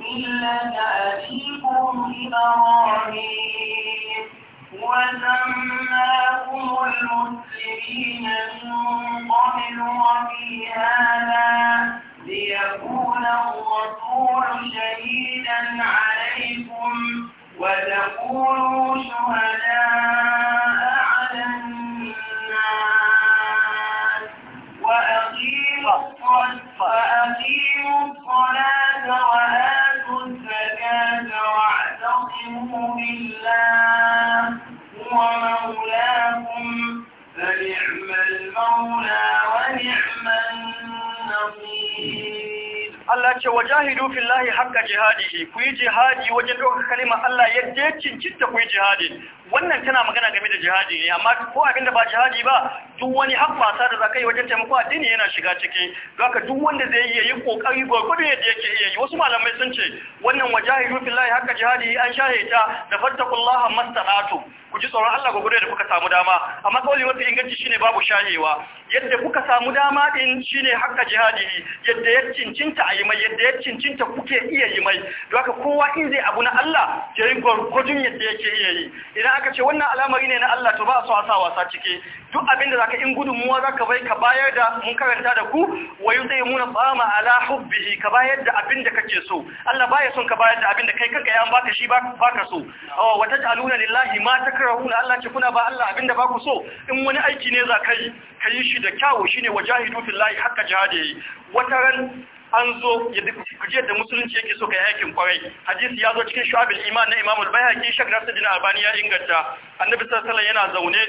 ملة أبيكم إبراهيم وسماكم المسلمين من قبل وفي هذا ليكون الرسول شهيدا عليكم وتكونوا شهداء على الناس وأقيموا الصلاة وآتوا الزكاة واعتصموا بالله هو مولاكم فنعم المولى ونعم النصير Allah ce wajahidu fillahi haqqa jihadihi ku yi jihadi wajen dokar kalima Allah yadda cincinta ku yi jihadi wannan tana magana game da jihadi ne amma ko abin ba jihadi ba duk wani sa da zakai wajen taimako addini yana shiga ciki Gaka duk wanda zai iya yi kokari gurgudu yadda yake iya yi wasu malamai sun ce wannan wajahidu fillahi haqqa jihadihi an shahita da fattakullaha mastanatu ku ji tsoron Allah gurgudu da kuka samu dama amma kawai wani inganci shine babu shahewa yadda kuka samu dama din shine haqqa jihadihi yadda ya cincinta yi mai yadda ya cincinta kuke iya yi mai don haka kowa in zai abu na Allah ya yi gwargwajin yadda yake iya yi idan aka ce wannan al'amari ne na Allah to ba a a sa wasa cike duk abinda da zaka in gudunmuwa zaka bai ka bayar da mun karanta da ku wa muna tsama ala hubbihi ka bayar da abin da kake so Allah baya son ka bayar da abin kai kanka ya baka shi baka so oh, wa taj'aluna lillahi ma takrahuna Allah ce kuna ba Allah abin da baku so in wani aiki ne za kai kai shi da kyawu shine wajahidu fillahi hakka jihadi wataran an zo ya kujiyar da musulunci yake so kai aikin kwarai hadisi ya zo cikin shu'abul iman na Imam al-Baihaqi Sheikh Nasiruddin Albani ya inganta annabi sallallahu yana zaune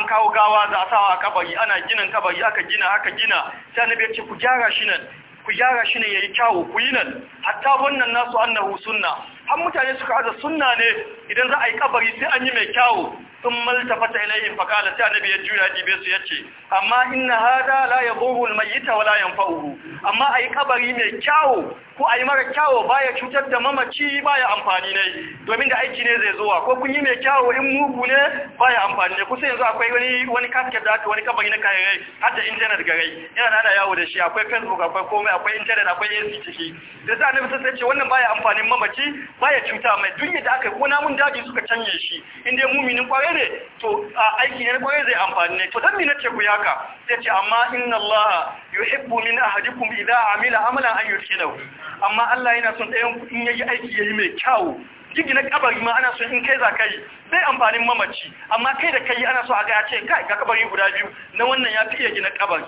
an kawo gawa za a a kabari ana ginin kabari aka gina aka gina sai annabi ya ce ku gyara shi nan ku gyara shi ne yayi kyawu ku yi nan hatta wannan nasu annahu sunna an mutane suka aza sunna ne idan za a yi kabari sai an yi mai kyawu sun maltafata fata fa qala ta annabi ya juya dibe su yace amma inna hada la yadhuru almayyita wa la yanfa'uhu amma ayi kabari mai kyawu ko ayi mara kyawu baya cutar da mamaci baya amfani ne domin da aiki ne zai zuwa ko kun yi mai kyawu in mugu ne baya amfani ne kusa yanzu akwai wani wani kasket da aka wani kabari na kayan rai har da internet ga rai yana nada yawo da shi akwai facebook akwai komai akwai intanet akwai AC ciki da sai annabi sai ce wannan baya amfanin mamaci baya cuta mai duniya da aka yi ko namun daji suka canye shi inda ya muminin kwarai ne to a aiki ne kwarai zai amfani ne to zanni na ce ku yaka Zai ce amma inna allaha hibbu min ahadikum idza amila amalan an yudkhilahu amma Allah yana son ɗayan in yayi aiki ya yi mai kyawu gigi na kabari ma ana so in kai za kai zai amfanin mamaci amma kai da kai ana so a ga ya ce kai ga kabari guda biyu na wannan ya fi iya gina kabari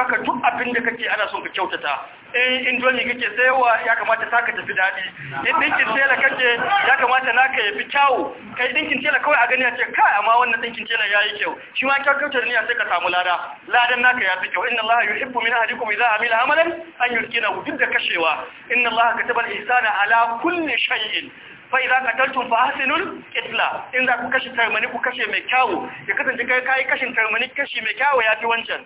haka duk abin da kake ana son ka kyautata in indomi kake sayowa ya kamata ta ka tafi daɗi in dinkin tela kake ya kamata naka ya fi kyawu kai dinkin tela kawai a gani a ce kai amma wannan dinkin tela yayi kyau shi ma kyautar niyya sai ka samu lada ladan naka ya fi kyau inna allaha yuhibbu min ahadikum idza amila amalan an yuskinahu duk da kashewa inna allaha kataba al-ihsana ala kulli shay'in fa'iza kataltun fa hasinul kitla in za ku kashe tarmani ku kashe mai kyawu ya kasance kai kai kashin tarmani kashi mai kyawu ya fi wancan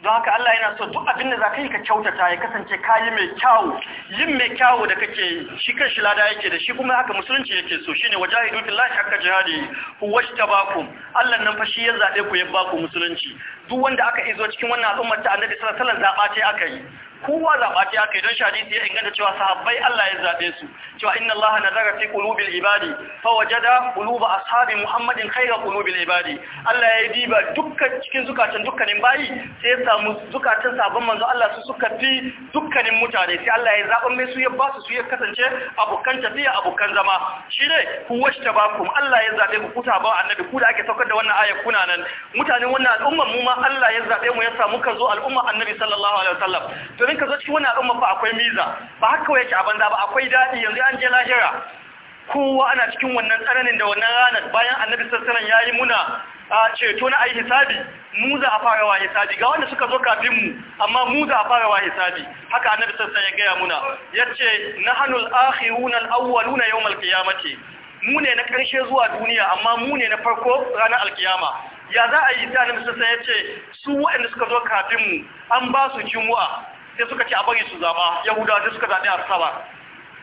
don haka Allah yana so duk abin da za ka yi ka kyautata ya kasance ka yi mai kyawu yin mai kyawu da kake yi shi kan shi lada yake da shi kuma haka musulunci yake so shine wajahidu billahi haka jihadi ta baku? Allah nan fa shi ya zabe ku ya baku musulunci duk wanda aka izo cikin wannan al'ummar ta Annabi sallallahu alaihi wasallam zaba ce aka yi kowa zaɓa ta kai don shaɗi ya inganta cewa sahabbai Allah ya zaɓe su cewa inna Allah nazara fi qulubil ibadi fa wajada qulub ashabi Muhammadin khayra qulubil ibadi Allah ya yi diba dukkan cikin zukatan dukkanin bayi sai ya samu zukatan sabon manzo Allah su suka fi dukkanin mutane sai Allah ya zaɓa mai su ya ba su su ya kasance abokan tafiya abokan zama shi ne ku washta ba ku Allah ya zaɓe ku kuta ba annabi ku da ake saukar da wannan ayat kuna nan mutanen wannan al'umma mu ma Allah ya zaɓe mu ya samu ka zo al'umma annabi sallallahu alaihi wasallam domin ka zo cikin wani al'umma fa akwai miza ba haka kawai yake a banza ba akwai daɗi yanzu an je lahira kowa ana cikin wannan tsananin da wannan ranar bayan annabi sassanan ya yi muna a ceto na ayi hisabi mu za a fara wa hisabi ga wanda suka zo kafin amma mu za a fara wa hisabi haka annabi sassan ya gaya muna ya ce na hannun akhiruna al'awwaluna yau malkiyamati mu ne na karshe zuwa duniya amma mu ne na farko ranar alkiyama ya za a yi ta annabi sassan ya ce su waɗanda suka zo kafin mu an ba su jimu'a sai suka ce a bari su zama. yahuda da suka zaɓi arsaba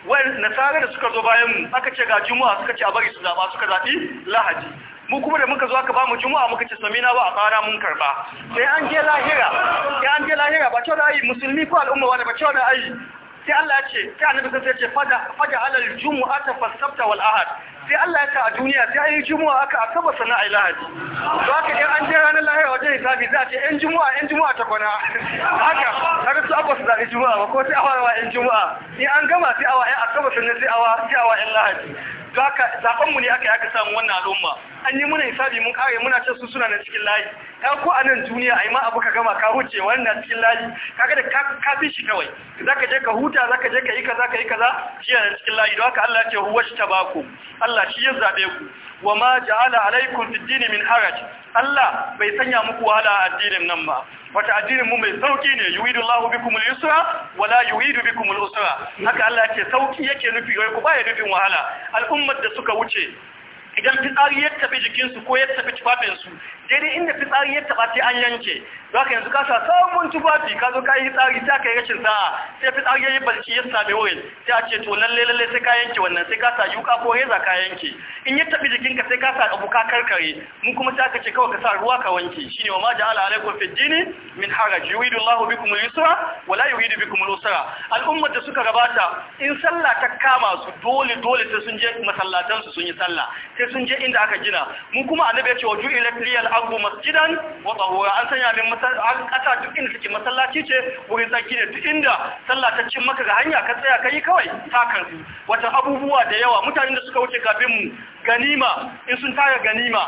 wai nasarar da suka zo bayan mu aka ce ga juma'a suka ce a bari su zama suka zaɓi lahaji mu kuma da muka zo aka bamu juma'a muka ce samina ba a fara mun karba sai an je lahira sai an je lahira ba cewa ai musulmi ko al'umma wani ba cewa ai sai Allah ya ce sai annabi sai ya ce fada fada alal jumu'ata fasabta wal ahad sai Allah ya ka a duniya sai an yi juma'a aka asaba sana a lahadi to haka in an je ranar lahira wajen hisabi za a ce yan juma'a yan juma'a ta kwana haka har su abba su zaɓi juma'a ba ko sai awa yawa yan juma'a ni an gama sai awa yan asaba sannan sai awa sai awa yan lahadi to haka zaɓen mu ne aka yi aka samu wannan al'umma an yi muna hisabi mun kare muna cin su suna na cikin layi ka ko a nan duniya ai ma abu ka gama ka huce wannan cikin layi kaga da ka fi shi kawai zaka je ka huta zaka je ka yi kaza ka yi kaza shi yana cikin layi don haka Allah ce huwa ku. Allah shi ya zabe ku wa ma ja'ala alaikum fid min haraj Allah bai sanya muku wahala a addinin nan ba wata addinin mu mai sauki ne yuridu Allahu bikum al-yusra wala yuridu bikum al-usra haka Allah ce sauki yake nufi wai ku ba ya nufin wahala al'ummar da suka wuce idan fitsari ya tafi jikinsu ko ya tafi tufafinsu daidai inda fitsari ya taba sai an yanke za ka yanzu kasa samun tufafi ka zo ka yi fitsari ta kai rashin sa'a sai fitsari ya yi barci ya same wurin sai a ce to lalle lalle sai ka yanke wannan sai ka sa yuka ko reza ka yanke in ya tafi jikinka sai kasa sa abu ka karkare mun kuma sai aka ce kawai ka sa ruwa ka wanke shine wa ma ja'ala alaikum fi dini min haraj yuridu Allahu bikum al-yusra wa la yuridu bikum al-usra al'ummar da suka gabata in sallah ta kama su dole dole sai sun je masallatan sun yi sallah sai sun je inda aka gina mu kuma annabi ya ce waju ilal ardu masjidan wa tahura an sanya min masallaci kasa duk inda take masallaci ce wurin tsaki ne duk inda sallah ta cin maka ga hanya ka tsaya kai kawai ta kansu wata abubuwa da yawa mutanen da suka wuce kafin mu ganima in sun tara ganima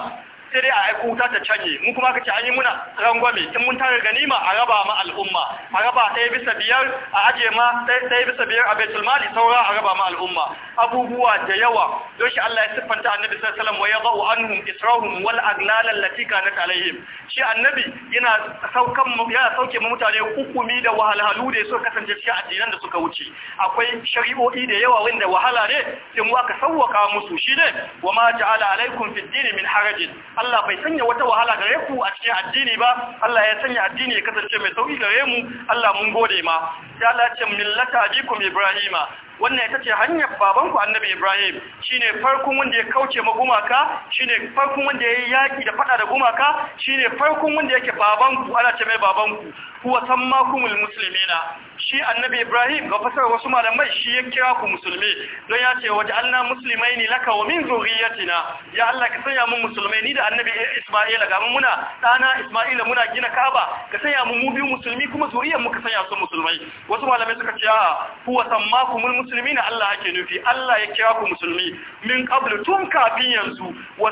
sai dai a aiko wuta ta canye mu kuma kace an yi muna rangwame in mun tara ganima a raba ma al'umma a raba ɗaya bisa biyar a aje ma ɗaya bisa biyar a baitul mali saura a raba ma al'umma abubuwa da yawa don shi Allah ya siffanta annabi sallallahu alaihi wasallam wa yadau anhum israhum wal aglal allati kanat alaihim shi annabi yana saukan ma sauke mutane hukumi da wahalhalu da suka kasance cikin addinan da suka wuce akwai shari'o'i da yawa wanda wahala ne sai mu aka sauwaka musu shi ne wa ma ja'ala alaikum fid din min harajin Allah bai sanya wata wahala gare ku a cikin addini ba Allah ya sanya addini ya kasance mai sauki gare mu Allah mun gode ma ya Allah ce millata abikum ibrahima wannan ita ce hanyar babanku annabi ibrahim shine farkon wanda ya kauce ma gumaka shine farkon wanda ya yi yaƙi da faɗa da gumaka shine farkon wanda yake babanku ana ce mai babanku kuwa san makumul na shi annabi ibrahim ga fasar wasu malamai shi ya kira ku musulmi don ya ce waje allah musulmai ne laka wa min zuriyatina ya allah ka sanya mu musulmai ni da annabi isma'ila ga mun muna ɗana isma'ila muna gina Ka'aba, ka sanya mu mu biyu musulmi kuma zuriyar mu ka sanya su musulmai wasu malamai suka ce a'a kuwa san makumul musulmi na Allah ake nufi Allah ya kira ku musulmi min qablu tun kafin yanzu wa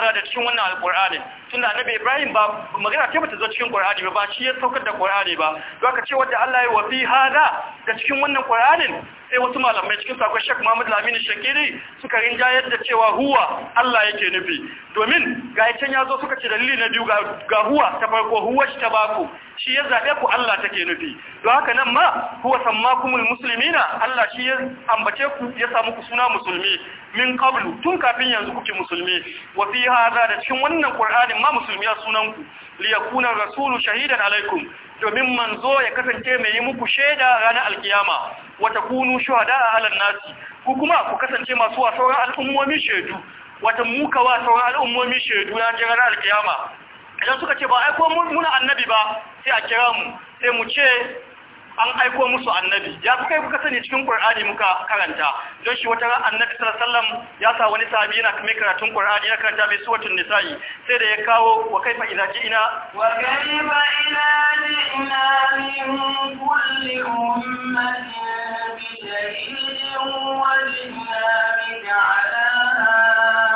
za da cikin wannan alqur'ani tunda annabi Ibrahim ba magana ce bata zo cikin Qur'ani ba ba shi ya saukar da Qur'ani ba don haka ce wanda Allah ya wafi hada da cikin wannan Qur'anin sai wasu malamai cikin sakon Sheikh Muhammad Lamini Shakiri suka rinjayar da cewa huwa Allah yake nufi domin ga can ya zo suka ce dalili na biyu ga huwa ta farko huwa shi ta baku shi ya zabe ku Allah take nufi don haka nan ma huwa sammakumul muslimina Allah shi ya ambace ku ya samu ku suna musulmi min qablu tun kafin yanzu kuke musulmi wa fi hada da cikin wannan qur'ani ma musulmi ya sunan ku li yakuna rasulu shahidan alaikum domin manzo ya kasance mai yi muku shaida ranar alkiyama wa takunu shuhada ala nasi ku kuma ku kasance masu wa sauran al'ummomi shaidu wata muka wa sauran al'ummomi shaidu ya je ranar alkiyama idan suka ce ba ai ko muna annabi ba sai a kira mu sai mu ce an aiko musu annabi ya fi kai kuka sani cikin Qur'ani muka karanta don shi wata annabi sallallahu alaihi ya sa wani sahabi yana kuma karatun Qur'ani ya karanta mai suratul nisa'i sai da ya kawo wa kaifa idza ji'ina wa kaifa idza ji'ina min kulli ummatin bi shahidin wa jinna bika ala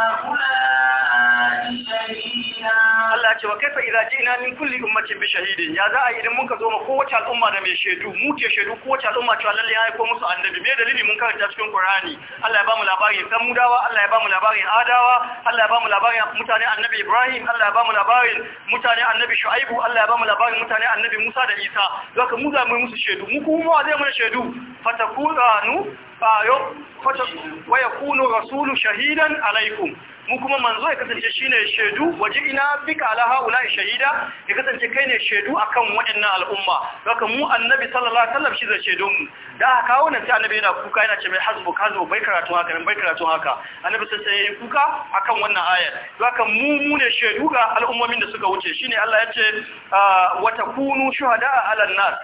شهيدا الله ce wa kaifa idza ji'na min kulli ummatin bi shahidin ya za a yi idan muka zo ma kowace al'umma da mai shaidu mu ke shaidu kowace al'umma cewa lalle ya aiko musu annabi me dalili mun karanta cikin Qur'ani Allah ya ba mu labarin Samudawa Allah ya ba mu labarin Adawa Allah ya ba mu labarin mutane annabi Ibrahim Allah ya ba mu labarin mutane annabi Shu'aibu Allah ya ba mu labarin mutane annabi Musa da Isa zaka mu za mu musu shaidu mu kuma zai mana shaidu fatakunu fa yau fatakunu rasulu shahidan alaikum mu kuma manzo ya kasance shine shaidu waje ina bika ala haula shahida ya kasance kai ne shaidu akan waɗannan al'umma haka mu annabi sallallahu alaihi wasallam shi zai shaidon mu da aka kawo nan sai annabi yana kuka yana ce mai hasbu kazo bai karatu haka bai karatu haka annabi sai sai yayi kuka akan wannan ayar haka mu mu ne shaidu ga al'ummomin da suka wuce shine Allah ya ce ah, wa takunu shuhada ala nas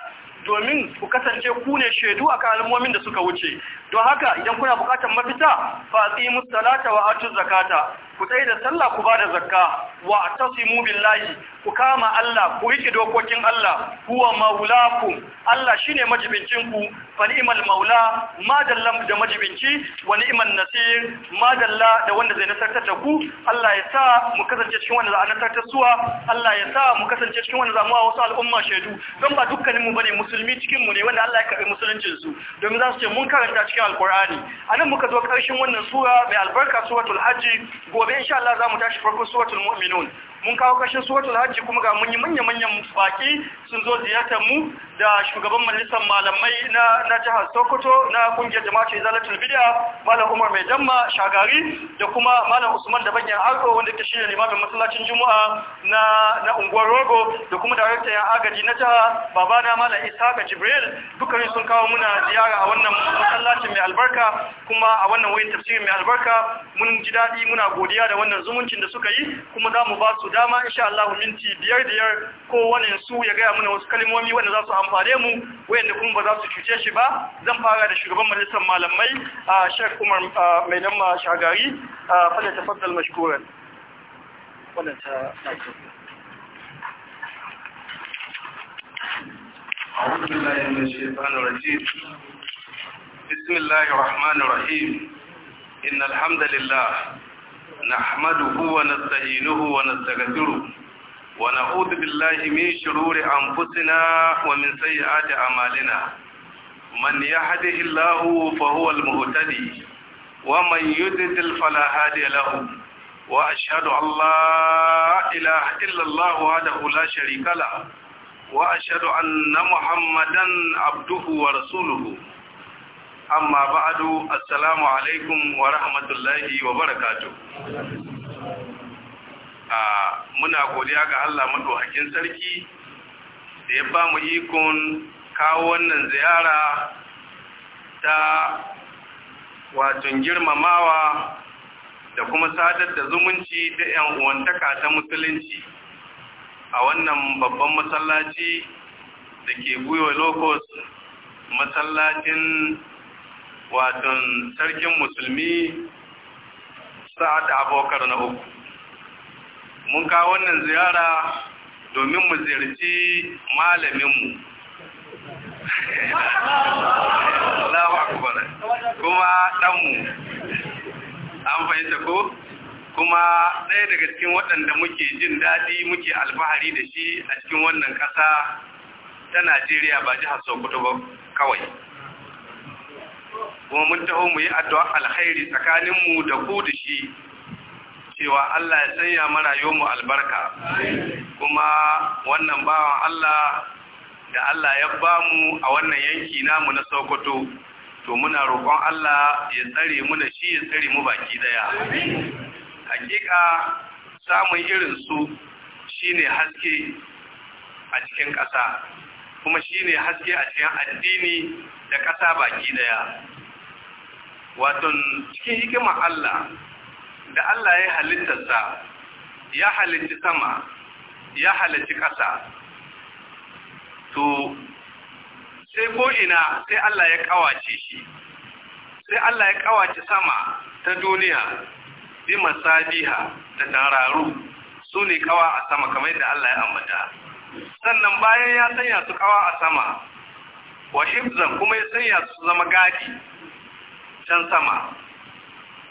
domin ku kasance ku ne shaidu a kalmomin da suka wuce don haka idan kuna bukatar mafita fa aqimus salata wa atu zakata ku tsaye da sallah ku bada zakka wa tasimu billahi ku kama Allah ku rike dokokin Allah huwa maulakum Allah shine majibincin ku fa ni'mal maula ma dalla da majibinci wa ni'man nasir ma dalla da wanda zai nasartar da ku Allah ya sa mu kasance cikin wanda za a nasarta suwa Allah ya sa mu kasance cikin wanda za mu wasu al'umma shaidu don ba dukkanin mu bane musulmi cikin mu ne wanda Allah ya karbi musuluncin su domin za su ce mun karanta cikin alqur'ani anan muka zo karshen wannan sura mai albarka suratul hajji gobe gobe insha Allah za mu tashi farkon suratul mu'minun mun kawo kashin suratul hajji kuma ga mun yi manya-manyan baki sun zo ziyartar mu da shugaban majalisar malamai na jihar Sokoto na kungiyar jama'atu izalatul bid'a malam Umar Mai Damma Shagari da kuma malam Usman da banyan Arko wanda ke shirya limamin masallacin Juma'a na na unguwar Rogo da kuma daraktan ya agaji na jiha babana malam Isaka Jibril dukkanin sun kawo muna ziyara a wannan masallacin mai albarka kuma a wannan wayin tafsirin mai albarka mun ji daɗi muna godiya da wannan zumuncin da suka yi kuma za mu ba su dama insha Allah minti biyar biyar ko wani su ya gaya mana wasu kalmomi wanda za su amfane mu wayanda kuma ba za su cuce shi ba zan fara da shugaban majalisar malamai a Sheikh Umar mai damma shagari a da tafaddal mashkuran wannan ta أعوذ بالله من الشيطان الرجيم بسم الله الرحمن الرحيم إن الحمد لله نحمده ونستعينه ونستغفره ونعوذ بالله من شرور أنفسنا ومن سيئات أعمالنا من يهده الله فهو المهتدي ومن يضلل فلا هادي له وأشهد أن لا إله إلا الله وحده لا شريك له وأشهد أن محمدا عبده ورسوله amma ba'adu assalamu alaikum wa rahmatullahi wa barakatu ah, muna godiya ga Allah maɗaukakin sarki da ya ba mu ikon kawo wannan ziyara ta watan girmamawa da kuma sadar da zumunci da 'yan uwantaka ta musulunci a wannan babban masallaci da ke guyo lokos masallacin watan sarkin musulmi sa'ad abokar na uku mun kawo wannan ziyara domin mu ziyarci malaminmu Allahu akbar kuma ɗanmu an fahimta ko kuma ɗaya daga cikin waɗanda muke jin daɗi muke alfahari da shi a cikin wannan ƙasa ta Najeriya ba jihar Sokoto ba kawai kuma mun taho mu yi addu'a alkhairi tsakanin mu da ku da shi cewa Allah ya sanya mana mu albarka kuma wannan bawan Allah da Allah ya bamu a wannan yanki namu na Sokoto to muna roƙon Allah ya tsare mu da shi ya tsare mu baki daya hakika samun irin su shine haske a cikin ƙasa kuma shi ne haske a cikin addini da ƙasa baki daya wato cikin hikima Allah da Allah ya halittarsa ya halitti sama ya halitti ƙasa to sai ko'ina sai Allah ya ƙawace shi sai Allah ya ƙawace sama ta duniya bi masabiha da tararu su ne ƙawa a sama kamar da Allah ya ambata sannan bayan ya sanya su kawa a sama wa hifzan kuma ya sanya su zama gadi can sama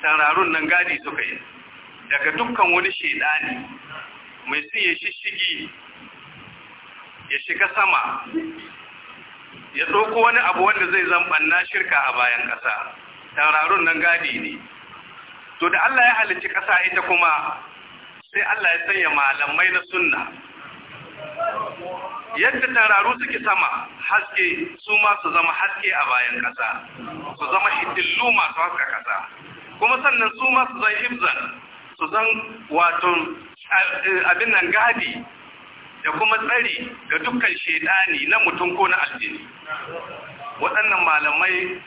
tararun nan gadi suka yi daga dukkan wani shaidani mai sun ya shishigi ya shiga sama ya ɗauko wani abu wanda zai na shirka a bayan ƙasa tararun nan gadi ne to da Allah ya halicci ƙasa ita kuma sai Allah ya sanya malamai na sunna yadda tararu suke sama haske su ma su zama haske a bayan kasa su zama hidillu masu haska ƙasa kuma sannan su ma su zan hibzan su zan wato eh, abin nan gadi da kuma tsari ga dukkan shaidani na mutum ko na aljini waɗannan malamai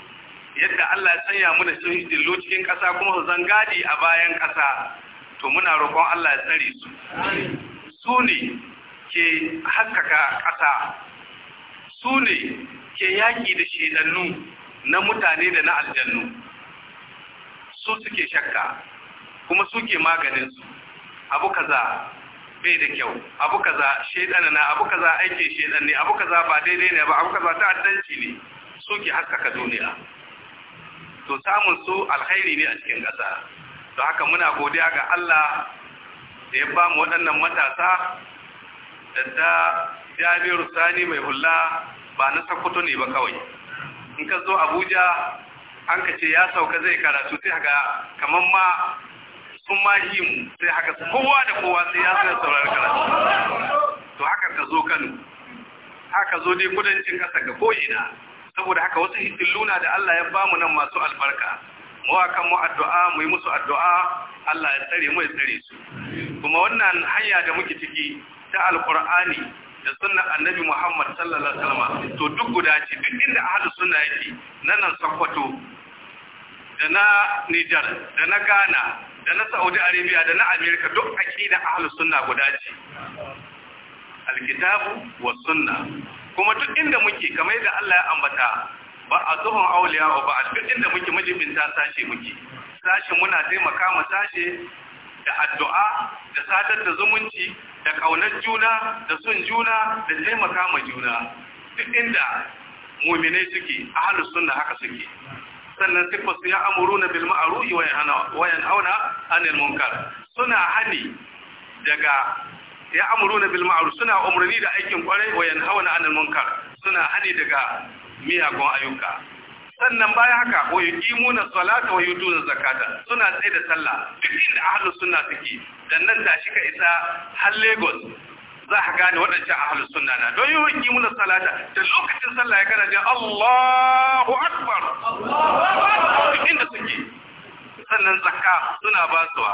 yadda Allah ya sanya mu da su hidillu cikin ƙasa kuma su zan gadi a bayan ƙasa to muna roƙon Allah ya tsare su su ne ke haskaka ƙasa su ne ke yaƙi da shedannu na mutane da na aljannu su suke shakka kuma suke maganinsu abu kaza bai da kyau abu kaza shedana na abu kaza aikin shedan ne abu kaza ba daidai ne ba abu kaza ta'addanci ne suke haskaka duniya to samun su alkhairi ne a cikin ƙasa to haka muna godiya ga Allah da ya ba mu waɗannan matasa da ta jami'ar sani mai hula ba na sakkwato ne ba kawai in ka zo abuja an ka ce ya sauka zai karatu sai haka kamar ma sun ma mu sai haka kowa da kowa sai ya sai saurar karatu to haka ka zo kano haka zo dai kudancin kasa ga ko'ina saboda haka wasu hitilluna da Allah ya mu nan masu albarka mawakan mu addu'a mu yi musu addu'a Allah ya tsare mu ya tsare su kuma wannan hanya da muke ciki ta alkur'ani da sunnar annabi Muhammad sallallahu alaihi wasallam to duk guda ce duk inda ahlus sunna yake nan Sokoto da na Niger da na Ghana da na Saudi Arabia da na America duk aqida ahlus sunna guda ce alkitabu was sunna kuma duk inda muke kamar yadda Allah ya ambata ba a zuhun auliya ba a duk inda muke majibin ta sashe muke sashe muna taimaka mu sashe da addu'a da sadar da zumunci da ƙaunar juna da son juna da taimaka ma juna duk inda mummine suke halin suna haka suke sannan siffar su ya amuru na a ruhi wayan auna anil munkar suna hani daga ya amuru na bil ma'arufi suna umarni da aikin kwarai wayan auna anil munkar suna hani daga miyagun ayyuka sannan baya haka wa yuqimuna salata wa yutuna zakata suna tsaye da sallah duk inda ahlus sunna suke dan nan da shi ka isa har Lagos za ka gane waɗancan ahlus sunna na don yi yuqimuna salata da lokacin sallah ya kana jin Allahu akbar Allahu akbar duk inda suke sannan zakka suna basuwa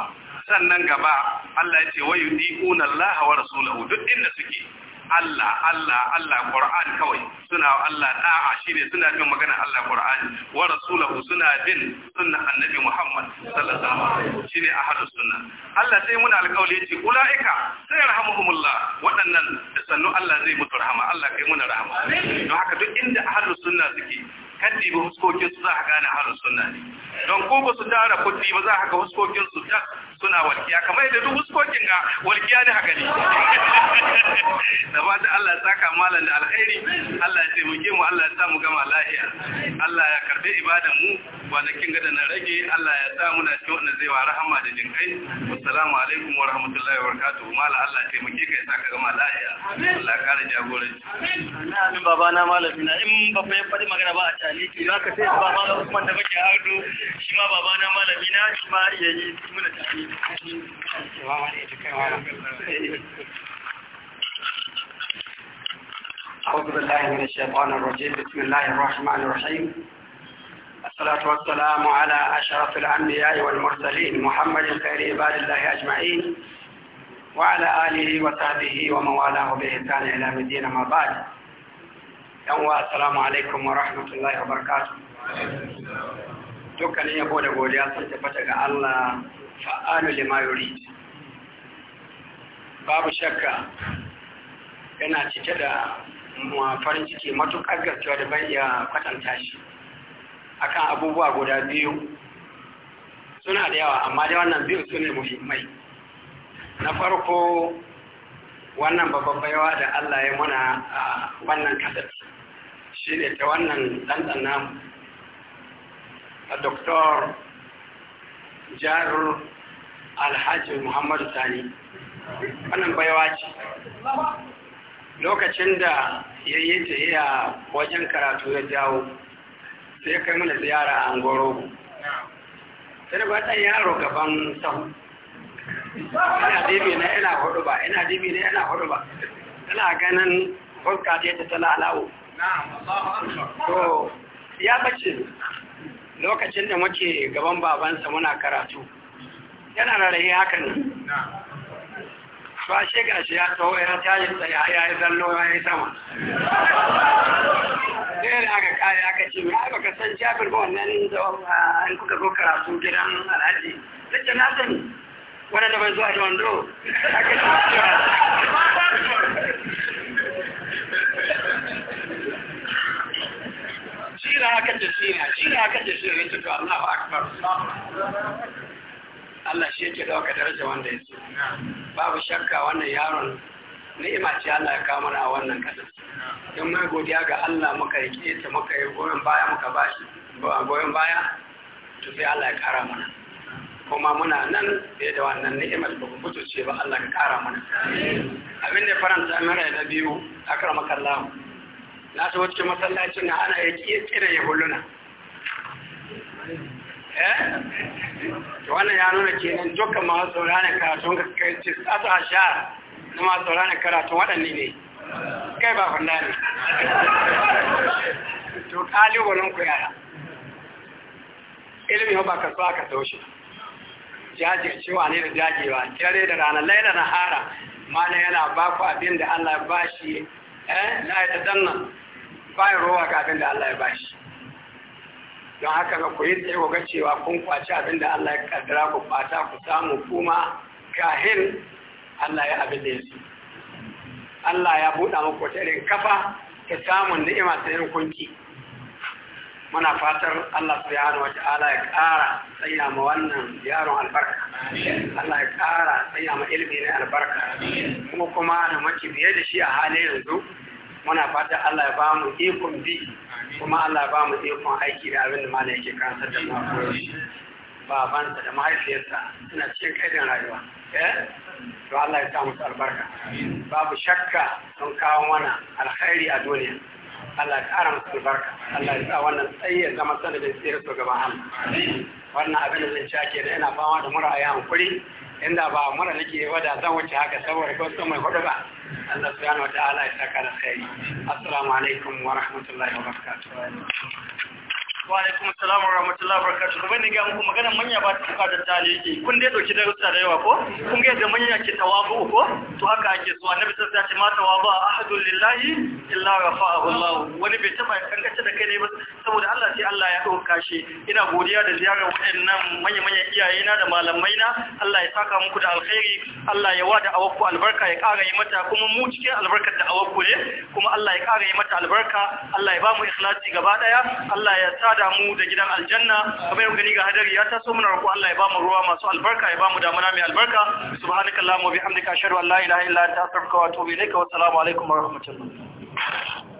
sannan gaba Allah ya ce wa yudiquna Allah wa rasulahu duk inda suke Allah Allah Allah Qur'an kawai suna Allah shi ne suna bin magana Allah Qur'an wa rasulahu suna bin suna annabi Muhammad sallallahu alaihi wasallam shine ahlus sunna Allah sai muna alƙawari yace ulaika sai yarhamuhumullah waɗannan da sannu Allah zai mutu rahama Allah kai muna rahama don haka duk inda ahlus sunna suke kaddi ba huskokin su za ka gane ahlus sunna ne don ko ba su tara kuɗi ba za ka ga huskokin su suna walƙiya. kamar yadda duk huskokin ga walƙiya ne haka ne da ba da Allah ya saka malam da alkhairi Allah ya taimake mu Allah ya sa mu gama lafiya Allah ya karbe ibadan mu kwanakin gada na rage Allah ya sa muna ci wannan zai wa rahama da jin kai assalamu alaikum wa rahmatullahi wa barakatuh malam Allah ya taimake ka ya ka gama lafiya Allah ya kare jagoranci amin baba na malam ina in ba ya faɗi magana ba a taliki za ka sai baba na Usman da muke hado shi ma baba na malam ina shi ma yayi muna taliki أعوذ بالله من الشيطان الرجيم بسم الله الرحمن الرحيم الصلاة والسلام على أشرف الأنبياء والمرسلين محمد خير عباد الله أجمعين وعلى آله وصحبه وموالاه والاه بإحسان إلى مدينة ما بعد السلام عليكم ورحمة الله وبركاته dukkanin yabo da godiya sun الله ga لما يريد باب شكا ina cike da farin ciki matuƙar gaskiya da ban iya kwatanta shi akan abubuwa guda biyu suna da yawa amma dai wannan biyu su ne muhimmai na farko wannan babban baiwa da Allah ya muna a wannan kasar shi ne ta wannan ɗanɗan namu a doktor jarur alhaji muhammadu sani wannan baiwa ce lokacin da ya yi tafiya wajen karatu ya jawo sai ya kai mana ziyara a angoro sai da ɗan yaro gaban sahu ina dibi na ina hudu ba ina dibi na ina hudu ba Tana ganin hulka ta yadda ta lalawo to ya bace lokacin da muke gaban babansa muna karatu yana rarrahi hakan ba shi gashi ya taho ya tashi tsaye ya yi zallo ya yi sama sai da aka kare aka ce mai ai baka san jabir ba wannan da an kuka zo karatu gidan alhaji sai na sani wanda da bai zuwa da wando aka ce shi na aka ce shi na shi na aka ce shi na ce to Allah akbar Allah shi yake dauka daraja wanda ya babu shakka wannan yaron ni'ima ce Allah ya kawo mana a wannan kasar don mai godiya ga Allah muka yi keta muka yi goyon baya muka bashi goyon baya to sai Allah ya kara mana kuma muna nan da da wannan ni'imar ba ku fito ce ba Allah ka kara mana abin da faranta mara na biyu akramaka Allah na so cikin masallacin ana yake kira ya hulluna Eh? wannan ya nuna kenan dukkan masu sauraron karatun kaskanci tsasa a sha na masu sauraron karatun waɗanne ne kai ba fanda ne to ƙalubalen ku yara ilimin ba ka so aka taushe jajircewa ne da jajewa Jere da rana laila na hara na yana ba ku abin da Allah ya bashi eh na ta tadanna bayan rowa ga abin da Allah ya bashi don haka ga koyi tsaye ga cewa kun kwaci abin da Allah ya kaddara ku fata ku samu kuma kahin Allah ya abin da su Allah ya buɗa muku wata irin kafa ta samun ni'ima ta yin kunki muna fatar Allah subhanahu wa ta'ala ya ƙara tsaya ma wannan yaron albarka Allah ya ƙara tsaya ma ilimi na albarka kuma kuma na mace biye da shi a halin yanzu muna fata Allah ya ba mu ikon bi kuma Allah ya ba mu ikon aiki da abin da mana yake kansa da mafi babansa da mahaifiyarsa suna cikin kaidin rayuwa eh? to Allah ya samu albarka babu shakka sun kawo mana alkhairi a duniya Allah ya kara musu albarka Allah ya sa wannan tsayi ya zama sanadin tsere su gaban Allah wannan abin da zan sha kenan ina fama da mura a yi hankuri inda ba mura nake wada zan wuce haka saboda kawai mai hudu ba Allah subhanahu wa ta'ala ya saka da kai assalamu alaikum wa rahmatullahi wa barakatuh wa alaikum assalam wa rahmatullahi wa barakatuh kuma ne ga muku magana manya ba ta da taliki kun dai dauki darussa da yawa ko kun ga da manya ke tawabu ko to haka ake so annabi sallallahu alaihi wasallam ya ce ma tawabu ahadul lillahi illa rafa'ahu Allah wani bai taba kankace da kai ne ba saboda Allah sai Allah ya dauka shi ina godiya da ziyarar waɗannan manya manya iyaye na da malamai na Allah ya saka muku da alkhairi Allah ya wada awakku albarka ya kara yi mata kuma mu cikin albarkar da awaku ne kuma Allah ya kara yi mata albarka Allah ya ba mu ikhlasi gaba daya Allah ya sa sada mu da gidan aljanna kuma yau gani ga hadari ya taso mana roƙo Allah ya ba mu ruwa masu albarka ya ba mu damuna mai albarka subhanaka allahumma wa bihamdika ashhadu an la ilaha illa anta astaghfiruka wa atubu ilaika wa assalamu alaikum wa rahmatullah